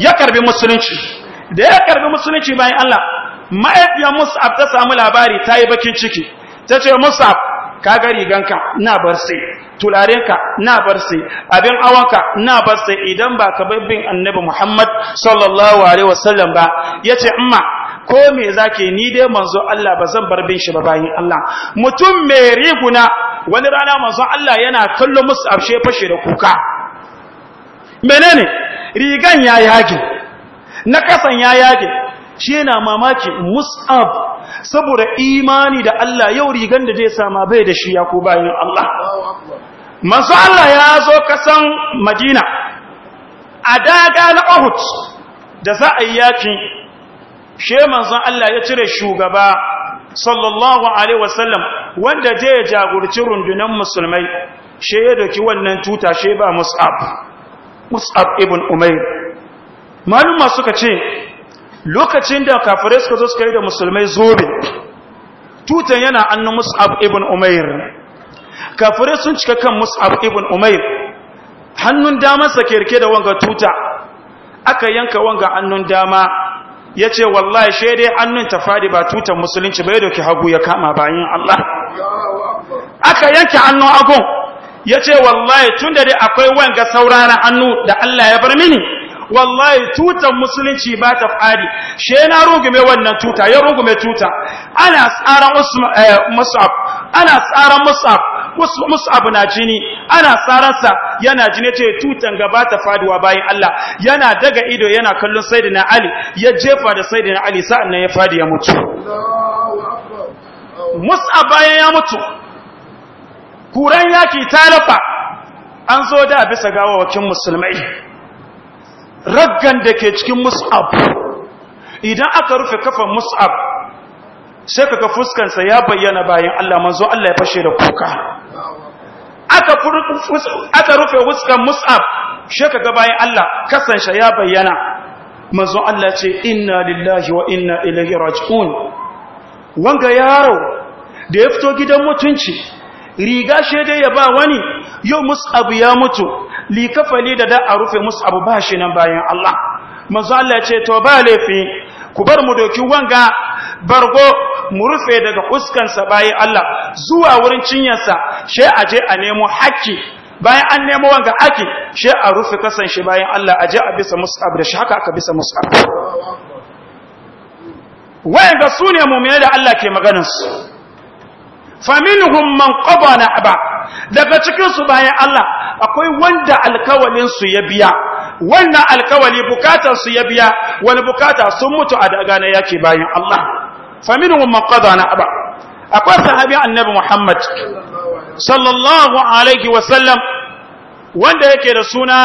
Speaker 1: ya karbi musulunci da ya karbi musulunci bayan Allah ma'aikiyar mus'ab ta samu labari ta yi bakin ciki ta ce mus'ab Ka ga riganka na bar sai tularenka na bar sai abin awanka na bar sai idan ba ka bin annabi Muhammad sallallahu alaihi wasallam ba yace amma ko me zake ni dai manzo Allah ba zan bar bin shi ba bayin Allah mutum me riguna wani rana manzo Allah yana kallo musu afshe fashe da kuka menene rigan ya yage na kasan ya yage shi yana mamaki mus'ab saboda imani da Allah yau rigan da zai sama bai da shi ya ko bayan Allah masu Allah ya zo kasan Madina a daga na Uhud da za a yi yaki she manzo Allah ya cire shugaba sallallahu alaihi wasallam wanda zai jagurci rundunar musulmai she ya doki wannan tuta she ba Mus'ab Mus'ab ibn Umair maluma suka ce lokacin da kafirai suka zo suka yi da musulmai zobe tutan yana annu mus'ab ibn umair kafirai sun cika kan mus'ab ibn umair hannun ke kirke da wanga tuta aka yanka wanga annun dama ya ce wallahi shaidai annun ta fadi ba tutan musulunci bai doki hagu ya kama bayan Allah aka yanke annun agun ya ce wallahi tun da dai akwai wanga saurana annu da Allah ya bar mini wallahi tutan musulunci ba ta fadi she na rugume wannan tuta ya rugume tuta ana tsaran eh, musab ana tsaran musab musab na jini ana tsaran yana jini ce tutan gaba ta faduwa bayan Allah yana daga ido yana kallon sayyidina Ali ya jefa da sayyidina Ali sa'annan ya fadi ya mutu musab bayan ya mutu kuran yaki talafa an zo da bisa gawawakin musulmai raggan da ke cikin mus'ab idan aka rufe kafan mus'ab sai kaga fuskansa ya bayyana bayan Allah manzo Allah ya fashe da kuka aka aka rufe fuskan mus'ab sai kaga bayan Allah kasansa ya bayyana manzo Allah ce inna lillahi wa inna ilaihi raji'un wanga yaro da ya fito gidan mutunci riga shede ya ba wani yau mus'ab ya mutu likafali da da a rufe musu abu ba shi nan bayan Allah manzo Allah ce to ba laifi ku bar mu doki wanga bargo mu rufe daga fuskansa bayan Allah zuwa wurin cinyarsa she a je a nemo hakki bayan an nemo wanga aki she a rufe kasan shi bayan Allah a je a bisa mus'ab da shi haka aka bisa mus'ab wayanga sune mu'mina da Allah ke maganar su faminhum man na na'ba daga cikinsu bayan Allah akwai wanda alkawalin su ya biya wannan alkawali bukatar su ya biya wani bukata sun mutu a daga na yake bayan Allah faminhum man na na'ba akwai sahabi annabi Muhammad sallallahu alaihi wa sallam wanda yake da suna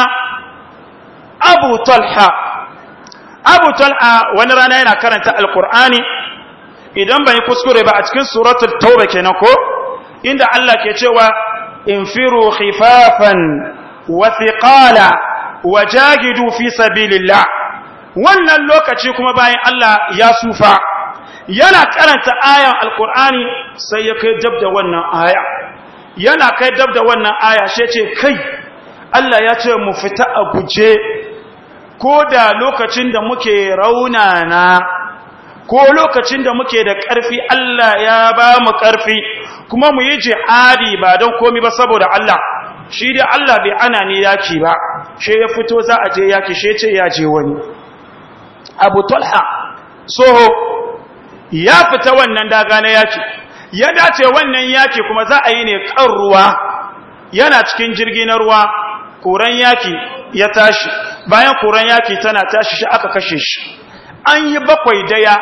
Speaker 1: Abu Talha Abu Talha wani rana yana karanta alkur'ani idan ban yi kuskure ba a cikin suratul tauba kenan ko inda Allah ke cewa infiru khifafan wa thiqala wajahidu fi sabilillah wannan lokaci kuma bayan Allah ya sufa yana karanta ayan alqur'ani sai ya kai da wannan aya yana kai da wannan aya sai ce kai Allah ya ce mu fita a guje ko da lokacin da muke raunana ko lokacin da muke da ƙarfi Allah ya ba mu ƙarfi kuma mu yi jihadi ba don komi ba saboda Allah shi dai Allah bai ana ne yaki ba she ya fito za a je yaki she ce ya je wani abu talha soho ya fita wannan daga na yaki ya dace wannan yaki kuma za a yi ne kan ruwa yana cikin jirgi na ruwa koran yaki ya tashi bayan koran yaki tana tashi shi aka kashe shi an yi bakwai daya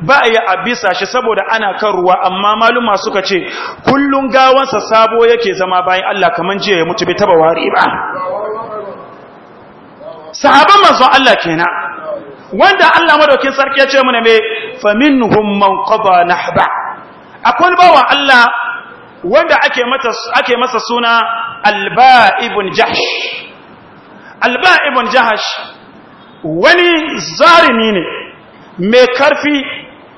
Speaker 1: ba a yi a bisa shi saboda ana kan ruwa amma maluma suka ce kullum gawansa sabo yake zama bayan Allah kamar jiya ya mutu bai taba ware ba sahaban manzon Allah kenan wanda Allah madaukin sarki ya ce mana me faminhum man qada nahba akwai bawa Allah wanda ake mata ake masa suna alba ibn jahsh alba ibn jahsh wani zarimi ne mai karfi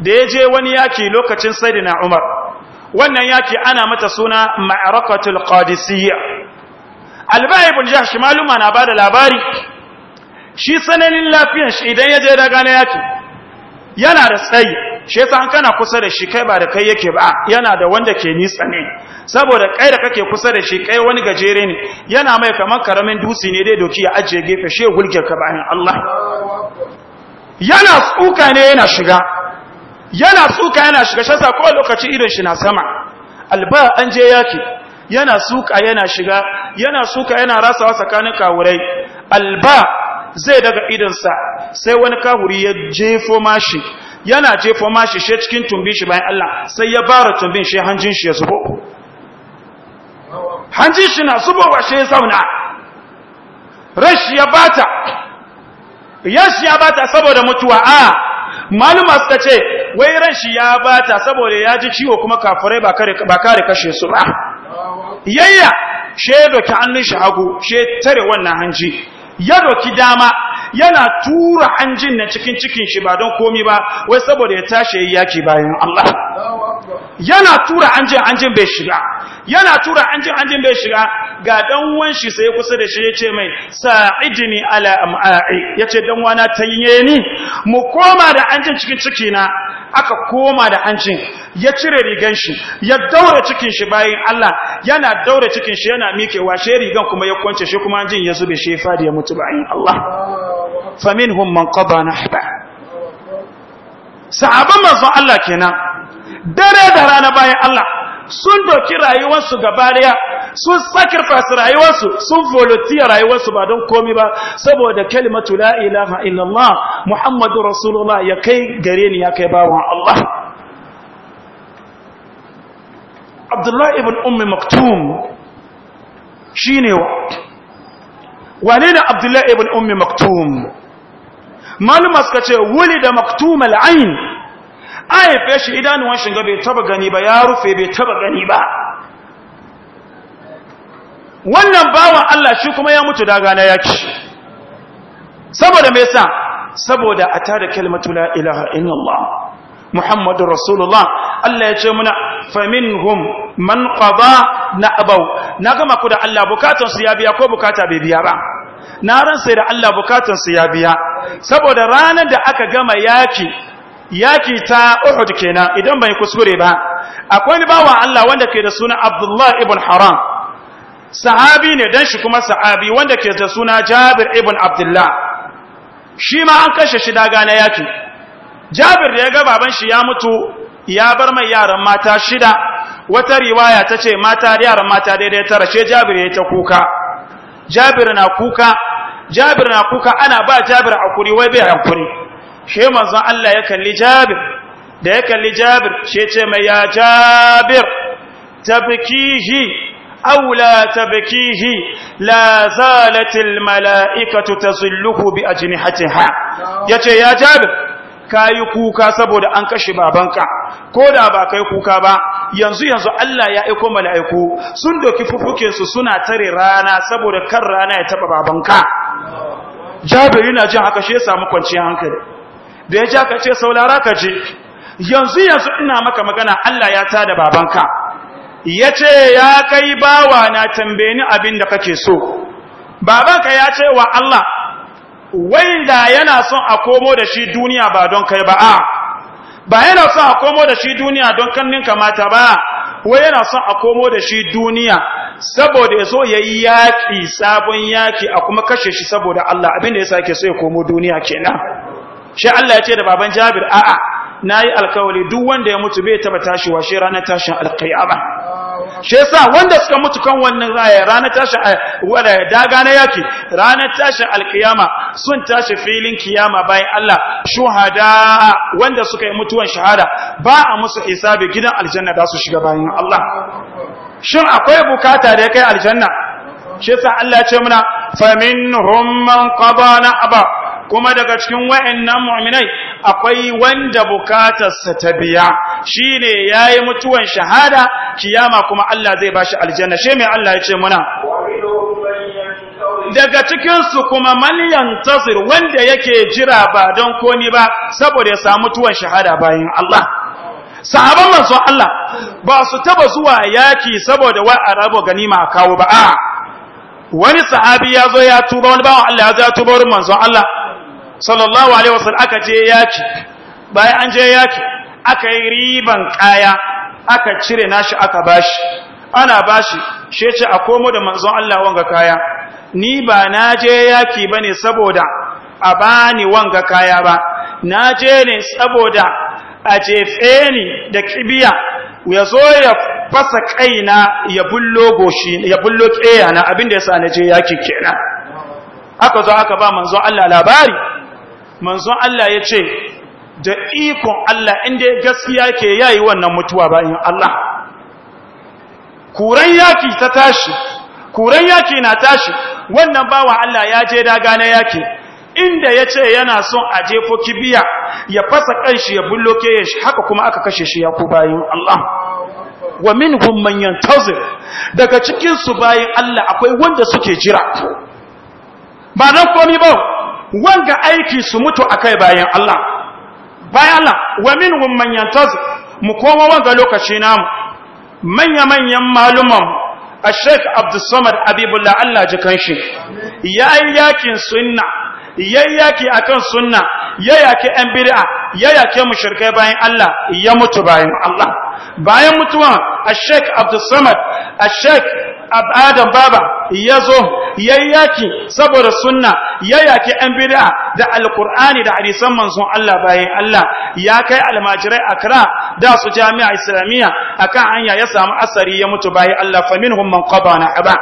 Speaker 1: da ya je wani yaki lokacin da na'umar wannan yaki ana mata suna ma'arakatul kadisiyya albayi bin shi maluma na bada labari shi sananin lafiyan shi idan ya je daga na yaki yana da tsayi shi yasa an kana kusa da shi kai ba da kai yake ba yana da wanda ke nisa ne saboda kai da kake kusa da shi kai wani gajere ne yana mai kamar karamin dutse ne dai doki ya ajiye gefe shi ya gulge ka bayan Allah yana tsuka ne yana shiga yana tsuka yana shiga shasa kowa lokaci idon shi na sama alba an je yaki yana tsuka yana shiga yana tsuka yana rasawa tsakanin kawurai alba zai daga idonsa sai wani kawuri ya jefo mashi yana jefo mashi shi cikin tumbin shi bayan Allah sai ya bara tumbin shi hanjin shi ya zubo hanjin shi na zubo ba shi ya zauna rashi ya bata Yashi ya bata saboda mutuwa a maluma suka ce wai ranshi ya bata saboda ya ji ciwo kuma kafurai ba kare kashe su ba yayya she doki hannun shi hagu she tare wannan hanji ya doki dama yana tura hanjin na cikin cikin shi ba don komi ba wai saboda ya tashi yaki bayan Allah yana tura anjin anjin bai shiga yana tura anjin anjin bai shiga ga dan uwan shi sai kusa da shi yace mai sa'idni ala am'i yace dan wana tanye ni mu koma da anjin cikin ciki na aka koma da anjin, ya cire rigan shi ya daura cikin shi bayan Allah yana daura cikin shi yana mikewa shi rigan kuma ya kwance shi kuma jin ya zube shi fadi ya mutu bayan Allah faminhum man na. nahba sahaban manzon Allah kenan dare da rana bayan Allah sun doki rayuwarsu gaba daya sun sacrifice rayuwarsu sun volunteer rayuwarsu ba don komi ba saboda kalimatu la ilaha illallah muhammadu rasulullah ya kai gare ni ya kai bawan Allah abdullahi ibn ummi maktum shine wa wane ne abdullahi ibn ummi maktum malama suka ce wuli da maktum al'ain a haife shi idanuwan shiga bai taba gani ba ya rufe bai taba gani ba wannan bawan Allah shi kuma ya mutu daga na yaki saboda me yasa saboda a tada kalmatu la ilaha illallah muhammadur rasulullah Allah ya ce muna hum man qada abau na gama ku da Allah bukatansu ya biya ko bukata bai biya ba na ran sai da Allah bukatansu ya biya saboda ranar da aka gama yaki yaki ta Uhud kenan idan bai kuskure ba akwai ni bawa Allah wanda ke da suna Abdullah ibn Haram sahabi ne dan shi kuma sahabi wanda ke da suna Jabir ibn Abdullah shi ma an kashe shi daga na yaki Jabir da ya ga baban shi ya mutu ya bar mai yaran mata shida wata riwaya ta ce mata da yaran mata daidai tara she Jabir ya ta kuka Jabir na kuka Jabir na kuka ana ba Jabir hakuri wai bai hakuri she manzon Allah ya kalli Jabir da ya kalli Jabir she ce mai ya Jabir tabkihi aw la tabkihi la ta al malaikatu tazilluhu bi ajnihatiha yace ya Jabir kayi kuka saboda an kashe babanka ko da ba kai kuka ba yanzu yanzu Allah ya aiko mala'iku sun doki fufukinsu suna tare rana saboda kan rana ya taba babanka Jabir yana jin haka shi ya samu kwanciyar hankali da ya ja ka ce saulara ka je yanzu yanzu ina maka magana Allah ya ta da babanka ya ce ya kai bawa na tambaye abin da kake so babanka ya ce wa Allah wai yana son a komo da shi duniya ba don kai ba a ba yana son a komo da shi duniya don kannin kamata ba wai yana son a komo da shi duniya saboda ya so ya yi yaƙi sabon yaƙi a kuma kashe shi saboda Allah abin da ya sake so ya komo duniya kenan shi Allah ya ce da baban Jabir a'a nayi alkawari duk wanda ya mutu bai taba tashiwa shi ranar tashin alqiyama shi yasa wanda suka mutu kan wannan raya ranar tashin wanda daga na yaki ranar tashin alkiyama sun tashi filin kiyama bayan Allah shuhada wanda suka yi mutuwan shahada ba a musu hisabi gidan aljanna da su shiga bayan Allah shin akwai bukata da ya kai aljanna shi yasa Allah ya ce muna faminhum man qada na aba kuma daga cikin wa'annan mu'minai akwai wanda bukatarsa ta biya shine yayi mutuwan shahada kiyama kuma Allah zai bashi aljanna she mai Allah ya ce muna daga cikinsu kuma man tasir wanda yake jira ba don komi ba saboda ya samu mutuwan shahada bayan Allah sahaban manzon Allah ba su taba zuwa yaki saboda wa arabo ganima a kawo ba a wani sahabi ya zo ya tuba wani bawan Allah ya zo ya tuba wurin manzon Allah sallallahu alaihi wasallam aka je yaki bayan an je yaki aka yi riban kaya aka cire nashi aka bashi ana bashi she ce a komo da manzon Allah wanga kaya ni ba na je yaki bane saboda a bani wanga kaya ba na je ne saboda a jefe ni da kibiya ya zo ya fasa kaina ya bullo goshi ya bullo keya na abinda yasa na je yaki kenan aka zo aka ba manzon Allah labari manzon Allah ya ce da ikon Allah inda gaskiya ke yayi wannan mutuwa bayan Allah kuran yaki ta tashi kuran yaki na tashi wannan bawan Allah ya je daga na yaki inda ya ce yana son a jefo kibiya ya fasa kanshi ya bulloke ya shi haka kuma aka kashe shi ya ku bayan Allah wa minhum man yantazir daga cikin su bayan Allah akwai wanda suke jira ba nan komai ba wanga aiki su mutu akai bayan Allah bayan Allah wa minhum man mu koma wanga lokaci namu manya manyan malumanmu Sheikh Abdul Samad Habibullah Allah ji kanshi yayin yakin sunna yayi yaki akan sunna yayi yaki an bid'a yayi mu mushrikai bayan Allah ya mutu bayan Allah bayan mutuwa Sheikh Abdul Samad Sheikh adam baba ya zo yayyaki saboda sunna yaki an bid'a da Alƙur'ani da hadisan manzon Allah bayan Allah ya kai almajirai akra da su jami'a islamiyya akan hanya ya samu asari ya mutu bayan Allah faminhum man na nahaba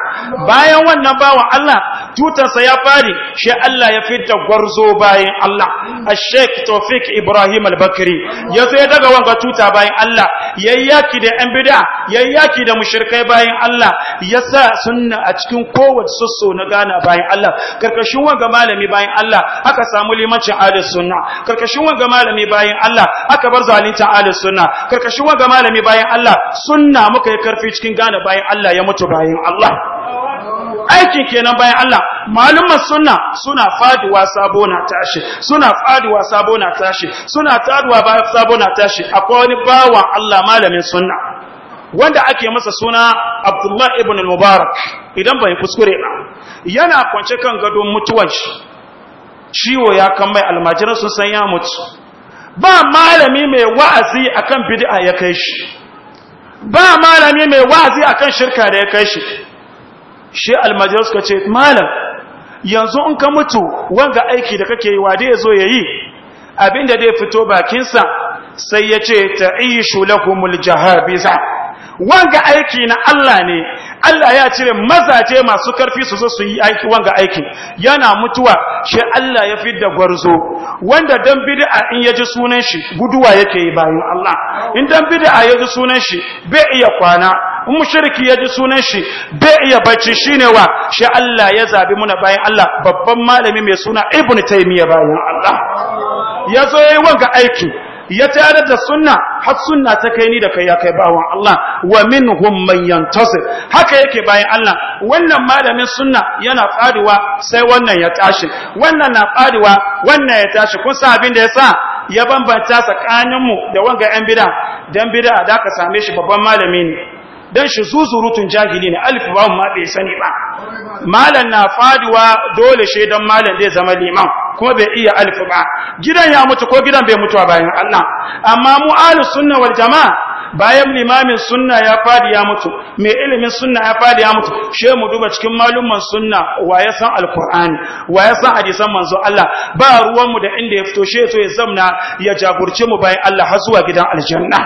Speaker 1: bayan wannan bawan Allah tutansa ya fadi shi Allah ya fita gwarzo bayan Allah Sheikh tofik Ibrahim Al-Bakri ya ya daga wanga tuta bayan Allah yayyaki da yan bid'a yayyaki da mushirkai bayan Allah ya sa sunna a cikin kowace sosso na gana bayan Allah karkashin wanga malami bayan Allah aka samu limancin adal sunna karkashin wanga malami bayan Allah aka bar zalunta adal sunna karkashin wanga malami bayan Allah sunna muka yi karfi cikin gana bayan Allah ya mutu bayan Allah aikin kenan bayan Allah malumman sunna suna faduwa sabo na tashi suna faduwa sabo na tashi suna taduwa ba sabo na tashi akwai wani bawa Allah malamin sunna wanda ake masa suna Abdullah ibn al-Mubarak idan bai kuskure ba yana kwance kan gadon mutuwan shi ciwo ya kan mai almajiran sun san ya mutu ba malami mai wa'azi akan bid'a ya kai shi ba malami mai wa'azi akan shirka da ya kai shi shi almajiyar suka ce malam yanzu in ka mutu wanga aiki da kake yi wade ya zo ya yi abinda dai fito bakinsa sai ya ce ta ishu lahumul jahabiza wanga aiki na Allah ne Allah ya cire mazaje masu karfi su zo su yi aiki wanga aiki yana mutuwa shi Allah ya fidda gwarzo wanda dan bid'a in yaji sunan shi guduwa yake yi bayan Allah in dan bid'a yaji sunan shi bai iya kwana in mushriki ya ji sunan shi bai iya bacci shine wa shi Allah ya zabi muna bayan Allah babban malami mai suna Ibn Taymiyyah bayan Allah ya zo yayi wanga aiki ya tare da sunna har sunna ta kai ni da kai ya kai bawan Allah wa minhum man yantasir haka yake bayan Allah wannan malamin sunna yana faduwa sai wannan ya tashi wannan na faduwa wannan ya tashi kun san abin da ya sa ya bambanta tsakaninmu da wanga yan bid'a dan bid'a da ka same shi babban malami ne dan shi zuzurutun jahili ne alif ba ma bai sani ba malan na faduwa dole shi dan malan zai zama liman kuma bai iya alif ba gidan ya mutu ko gidan bai mutuwa bayan Allah amma mu ahlus sunna wal jamaa bayan limamin sunna ya fadi ya mutu mai ilimin sunna ya fadi ya mutu she mu duba cikin malumman sunna wa ya san alqur'ani wa ya san hadisan manzo Allah ba ruwan mu da inda ya fito she so ya zamna ya jagurce mu bayan Allah har zuwa gidan aljanna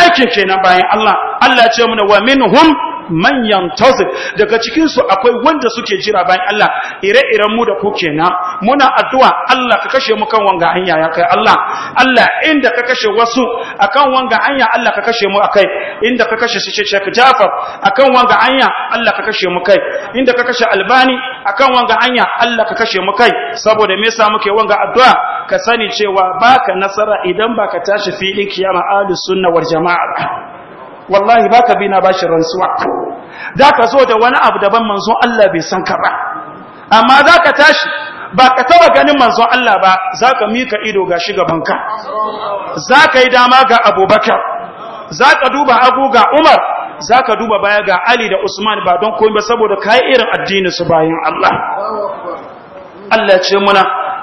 Speaker 1: aikin kenan bayan Allah Allah ce mana wa minhum man yantazir daga cikin su akwai wanda suke jira bayan Allah ire-iren mu da ku kenan muna addu'a Allah ka kashe mu kan wanga hanya ya kai Allah Allah inda ka kashe wasu akan wanga hanya Allah ka kashe mu akai inda ka kashe Sheikh Jafar akan wanga hanya Allah ka kashe mu kai inda ka kashe Albani akan wanga hanya Allah ka kashe mu kai saboda me yasa muke wanga addu'a ka sani cewa baka nasara idan baka tashi filin kiyama ahlus sunna wal jama'a wallahi baka bina bashi rantsuwa da ka zo da wani abu daban manzo Allah bai san ka ba amma za ka tashi ba ka taba ganin manzo Allah ba za ka mika ido ga shugabanka za ka yi dama ga abubakar za ka duba abu ga umar za ka duba baya ga ali da usman ba don koyi ba saboda ka irin addini su bayan Allah Allah ce muna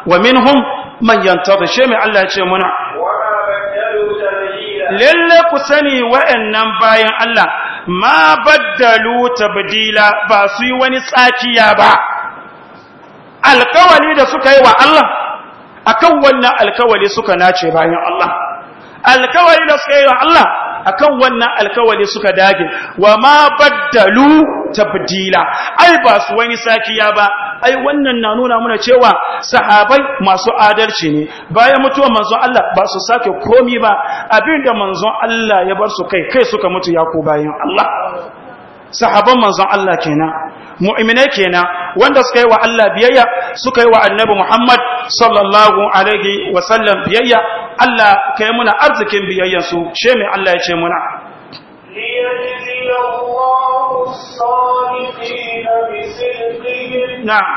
Speaker 1: wa minhum man yantar da shi mai Allah ce muna lalle ku sani wa'annan bayan Allah ma baddalu tabdila ba su yi wani tsakiya ba alkawali da suka yi wa Allah akan wannan alkawali suka nace bayan Allah alkawali da suka yi wa Allah akan wannan alkawali suka dage wa ma baddalu tabdila ai ba su wani sakiya ba ai wannan na nuna muna cewa sahabai masu adalci ne bayan mutuwar manzon Allah ba su sake komi ba abinda manzon Allah ya bar su kai kai suka mutu ya ko bayan Allah sahabban manzon Allah kenan mu'minai kenan wanda suka yi wa Allah biyayya suka yi wa annabi Muhammad sallallahu alaihi wa sallam biyayya Allah ka yi muna arzikin biyayyar su she mai Allah ya ce muna
Speaker 2: na'am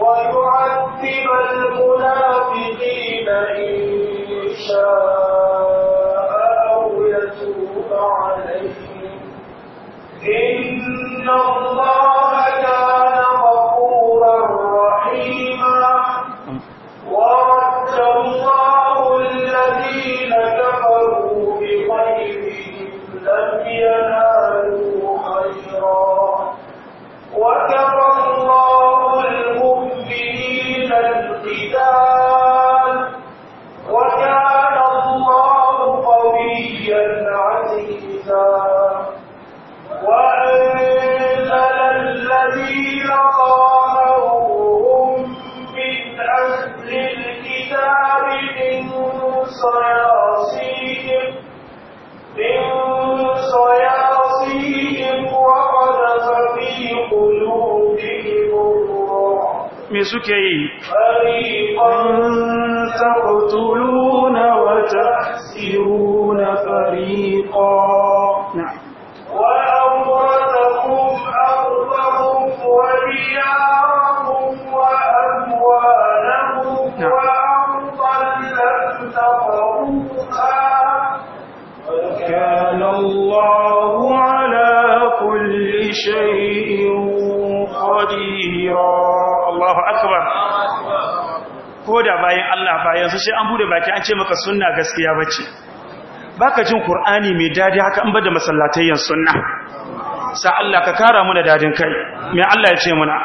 Speaker 2: ويعذب المنافقين إن شاء أو يتوب عليهم إن الله كان غفورا رحيما ورد الله الذين كفروا بغيظهم لم
Speaker 1: suke yi da bayan Allah bayan su sai an bude baki an ce maka sunna gaskiya bace baka jin qur'ani mai dadi haka an bada masallatayyan sunna sa Allah ka kara muna dadin kai me Allah ya ce muna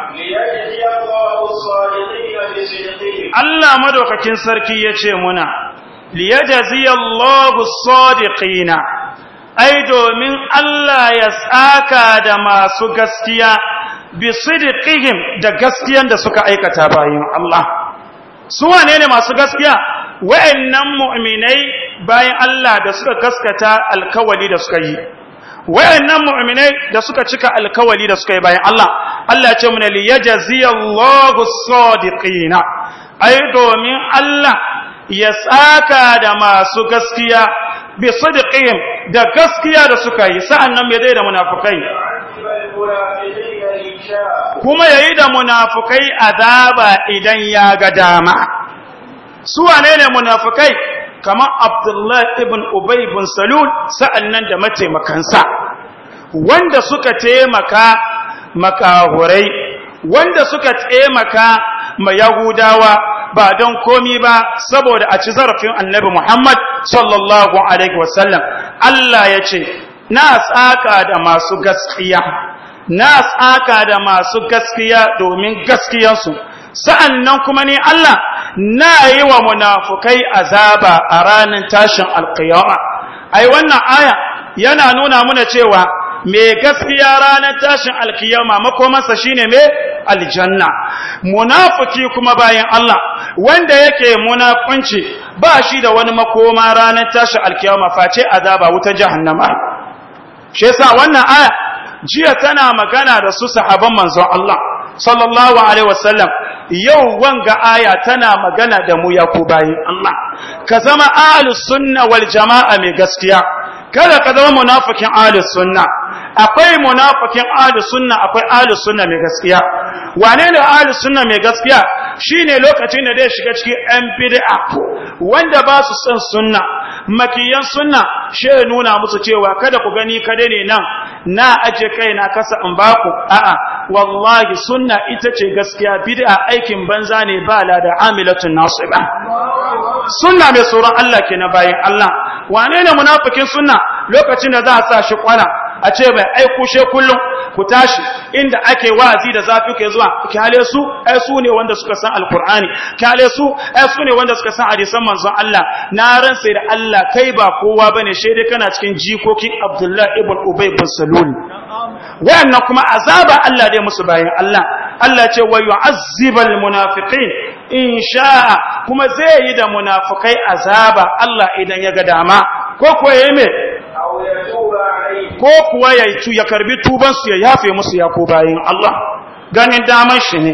Speaker 1: Allah madaukakin sarki ya ce muna liyajziyallahu as-sadiqina ai domin Allah ya tsaka da masu gaskiya bi sidqihim da gaskiyar da suka aikata bayin Allah su wane ne masu gaskiya nan mu'minai bayan Allah da suka gaskata alkawali da suka yi wa'annan mu'minai da suka cika alkawali da suka yi bayan Allah Allah ce mu ne li jaziya as-sadiqina ai domin Allah ya saka da masu gaskiya bi sadiqin da gaskiya da suka yi sa'an sa'annan me zai da munafikai kuma yayi da munafukai azaba idan ya ga dama su wane ne munafukai kamar Abdullahi ibn Ubay ibn Salul sa'annan da mataimakansa wanda suka taimaka makahurai wanda suka taimaka mayahudawa, ba don komi ba saboda a ci zarafin annabi Muhammad sallallahu alaihi wasallam Allah ya ce na tsaka da masu gaskiya na tsaka da masu gaskiya domin gaskiyansu sa'annan kuma ne Allah na yi wa munafukai azaba a ranar tashin alkiyama ai wannan aya yana nuna muna cewa mai gaskiya ranar tashin alkiyama makomansa shine mai aljanna Munafuki kuma bayan Allah wanda yake munafunci ba shi da wani makoma ranar tashin alkiyama face azaba wuta jahannama shi wannan aya jiya tana magana da su sahaban manzon Allah sallallahu alaihi wasallam yau wanga aya tana magana da mu ya bayin Allah ka zama ahlus sunna wal jama'a mai gaskiya kada ka zama munafikin ahlus sunna akwai munafikin ahlus sunna akwai ahlus sunna mai gaskiya wane ne ahlus sunna mai gaskiya shine lokacin da zai shiga cikin yan bid'a wanda ba su son sunna makiyan sunna shi nuna musu cewa kada ku gani kada ne nan na aje kai na kasa in ba ku a'a wallahi sunna ita ce gaskiya bid'a aikin banza ne ba la da amilatun nasiba sunna mai tsoron Allah ke na bayan Allah wane ne munafikin sunna lokacin da za a sa shi kwana a ce bai aiku she kullum ku tashi inda ake wa'azi da zafi ke zuwa kyale su ai su ne wanda suka san alkur'ani kyale su ai su ne wanda suka san hadisan manzon Allah na ran sai da Allah kai ba kowa bane dai kana cikin jikokin Abdullah ibn Ubay bin Salul wayannan kuma azaba Allah dai musu bayan Allah Allah ce wa yu'azzibal munafiqin in sha'a kuma zai yi da munafukai azaba Allah idan ya ga dama ko kuwa ya yi mai? ko kuwa ya yi ya karbi tubansu ya yafe musu ya ko bayan Allah ganin daman shi ne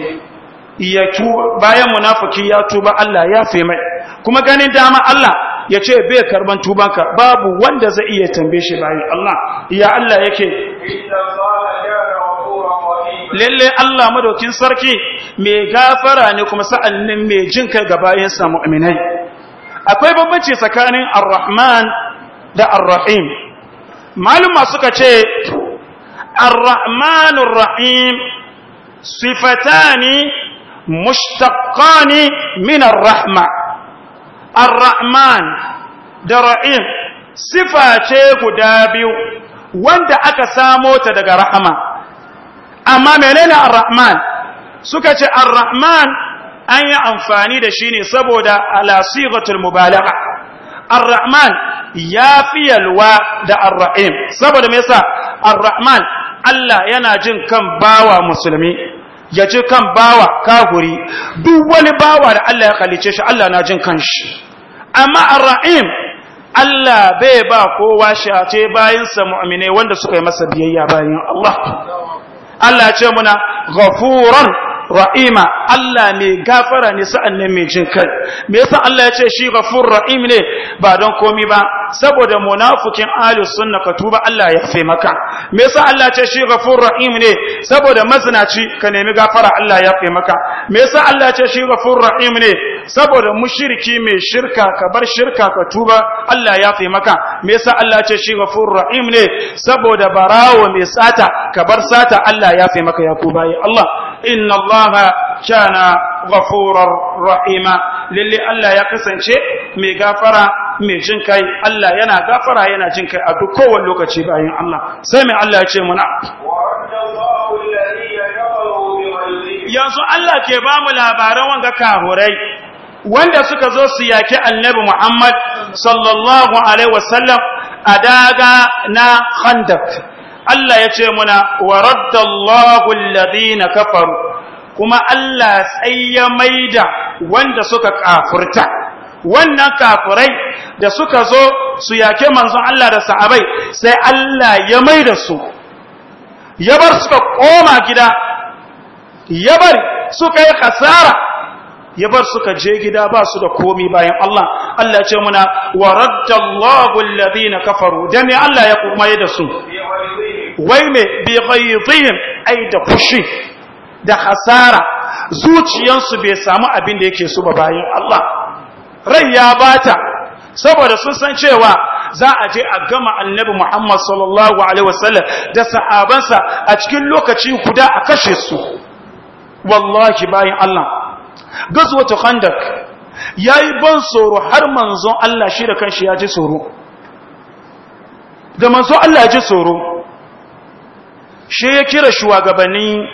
Speaker 1: bayan munafuki ya tuba Allah ya fe mai kuma ganin dama Allah ya ce bai karban tubanka babu wanda zai iya tambe shi bayan Allah ya Allah yake lalle Allah madaukin sarki mai gafara ne kuma sa'annin mai jin kai ga bayansa mu'minai akwai bambanci tsakanin ar-rahman da ar-rahim maluma suka ce ar-rahmanur rahim sifatani mushtaqani min ar-rahma ar-rahman da rahim sifa ce guda biyu wanda aka samo ta daga rahama
Speaker 2: amma menene ar-rahman
Speaker 1: suka ce ar-rahman an yi amfani da shi ne saboda ala sighatul mubalagha ar-rahman ya yalwa da ar-rahim saboda me yasa ar-rahman Allah yana jin kan bawa musulmi ya ji kan bawa kaguri duk wani bawa da Allah ya halice shi Allah na jin kan shi amma ar-rahim Allah bai ba kowa shace bayansa mu'mine wanda suka yi masa biyayya bayan Allah Allah ya ce muna ghafuran ra'ima Allah mai gafara ne sa'an nan mai jin kai me yasa Allah ya ce shi ghafur ra'im ne ba don komi ba saboda munafikin ahlus sunna ka tuba Allah ya fi maka me yasa Allah ya ce shi ghafur ra'im ne saboda mazinaci ka nemi gafara Allah ya fi maka me yasa Allah ya ce shi ghafur ra'im ne saboda mushriki mai shirka ka bar shirka ka tuba Allah ya fi maka me yasa Allah ya ce shi ghafur ra'im ne saboda barawo mai sata ka bar sata Allah ya fi maka ya tuba ya Allah إن الله كان غفورا rahima للي Allah ya kasance mai gafara mai jin kai Allah yana gafara yana jin kai a duk الله lokaci bayan Allah sai Allah ya ce yanzu Allah ke ba mu labaran wanga kahurai wanda suka zo su yaki annabi Muhammad sallallahu alaihi wasallam a daga na khandaq Allah ya ce muna wa raddallahu alladhina kafaru kuma Allah sai ya maida wanda suka kafurta wannan kafurai da suka zo su yake manzon Allah da sahabbai sai Allah ya maida su ya bar suka koma gida ya bar suka yi kasara ya bar suka je gida ba su da komi bayan Allah Allah ce muna wa raddallahu alladhina kafaru dan me Allah ya kuma da su wai me bi ai da fushi da hasara zuciyansu bai samu abin da yake so ba bayan Allah rai ya bata saboda sun san cewa za a je a gama annabi Muhammad sallallahu alaihi wasallam da sahabansa a cikin lokaci guda a kashe su wallahi bayan Allah gazwatu khandak yayi ban tsoro har manzon Allah shi da kanshi ya ji tsoro da manzon Allah ya ji tsoro shi ya kira shugabannin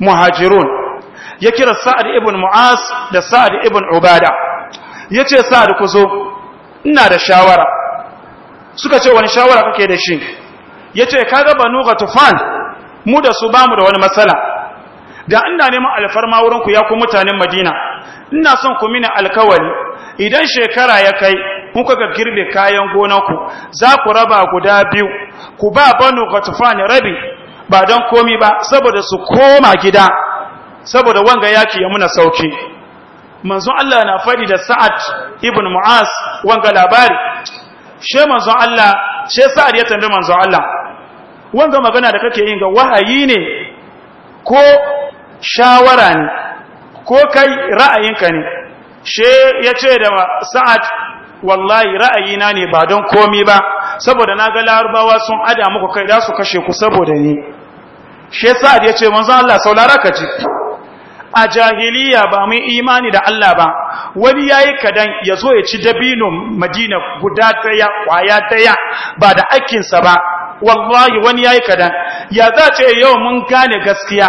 Speaker 1: muhajirun ya kira sa'ad ibn mu'az da sa'ad ibn ubada ya ce sa'ad ku zo ina da shawara suka ce wani shawara kake da shi ya ce kaga banu nuka tufan mu da su bamu da wani matsala da ina neman alfarma ku ya ku mutanen madina ina son ku mini alkawali idan shekara ya kai kuka ga girbe kayan gonanku za ku raba guda biyu ku ba banu gatufan rabi ba don komi ba saboda su koma gida saboda wanga yaki ya muna sauki manzon Allah na fadi da Sa'ad ibn Mu'az wanga labari she manzon Allah she Sa'ad ya tambaye manzon Allah wanga magana da kake yin ga wahayi ne ko shawara ne ko kai ra'ayinka ne she ya ce da Sa'ad wallahi ra'ayina ne ba don komi ba saboda na ga larabawa sun ada muku kai za su kashe ku saboda ni she sa'ad ya ce manzon Allah sau ka ji a jahiliya ba mun imani da Allah ba wani yayi kadan ya zo ya ci dabino Madina guda daya kwaya daya ba da sa ba wallahi wani yayi kadan ya za ce yau mun gane gaskiya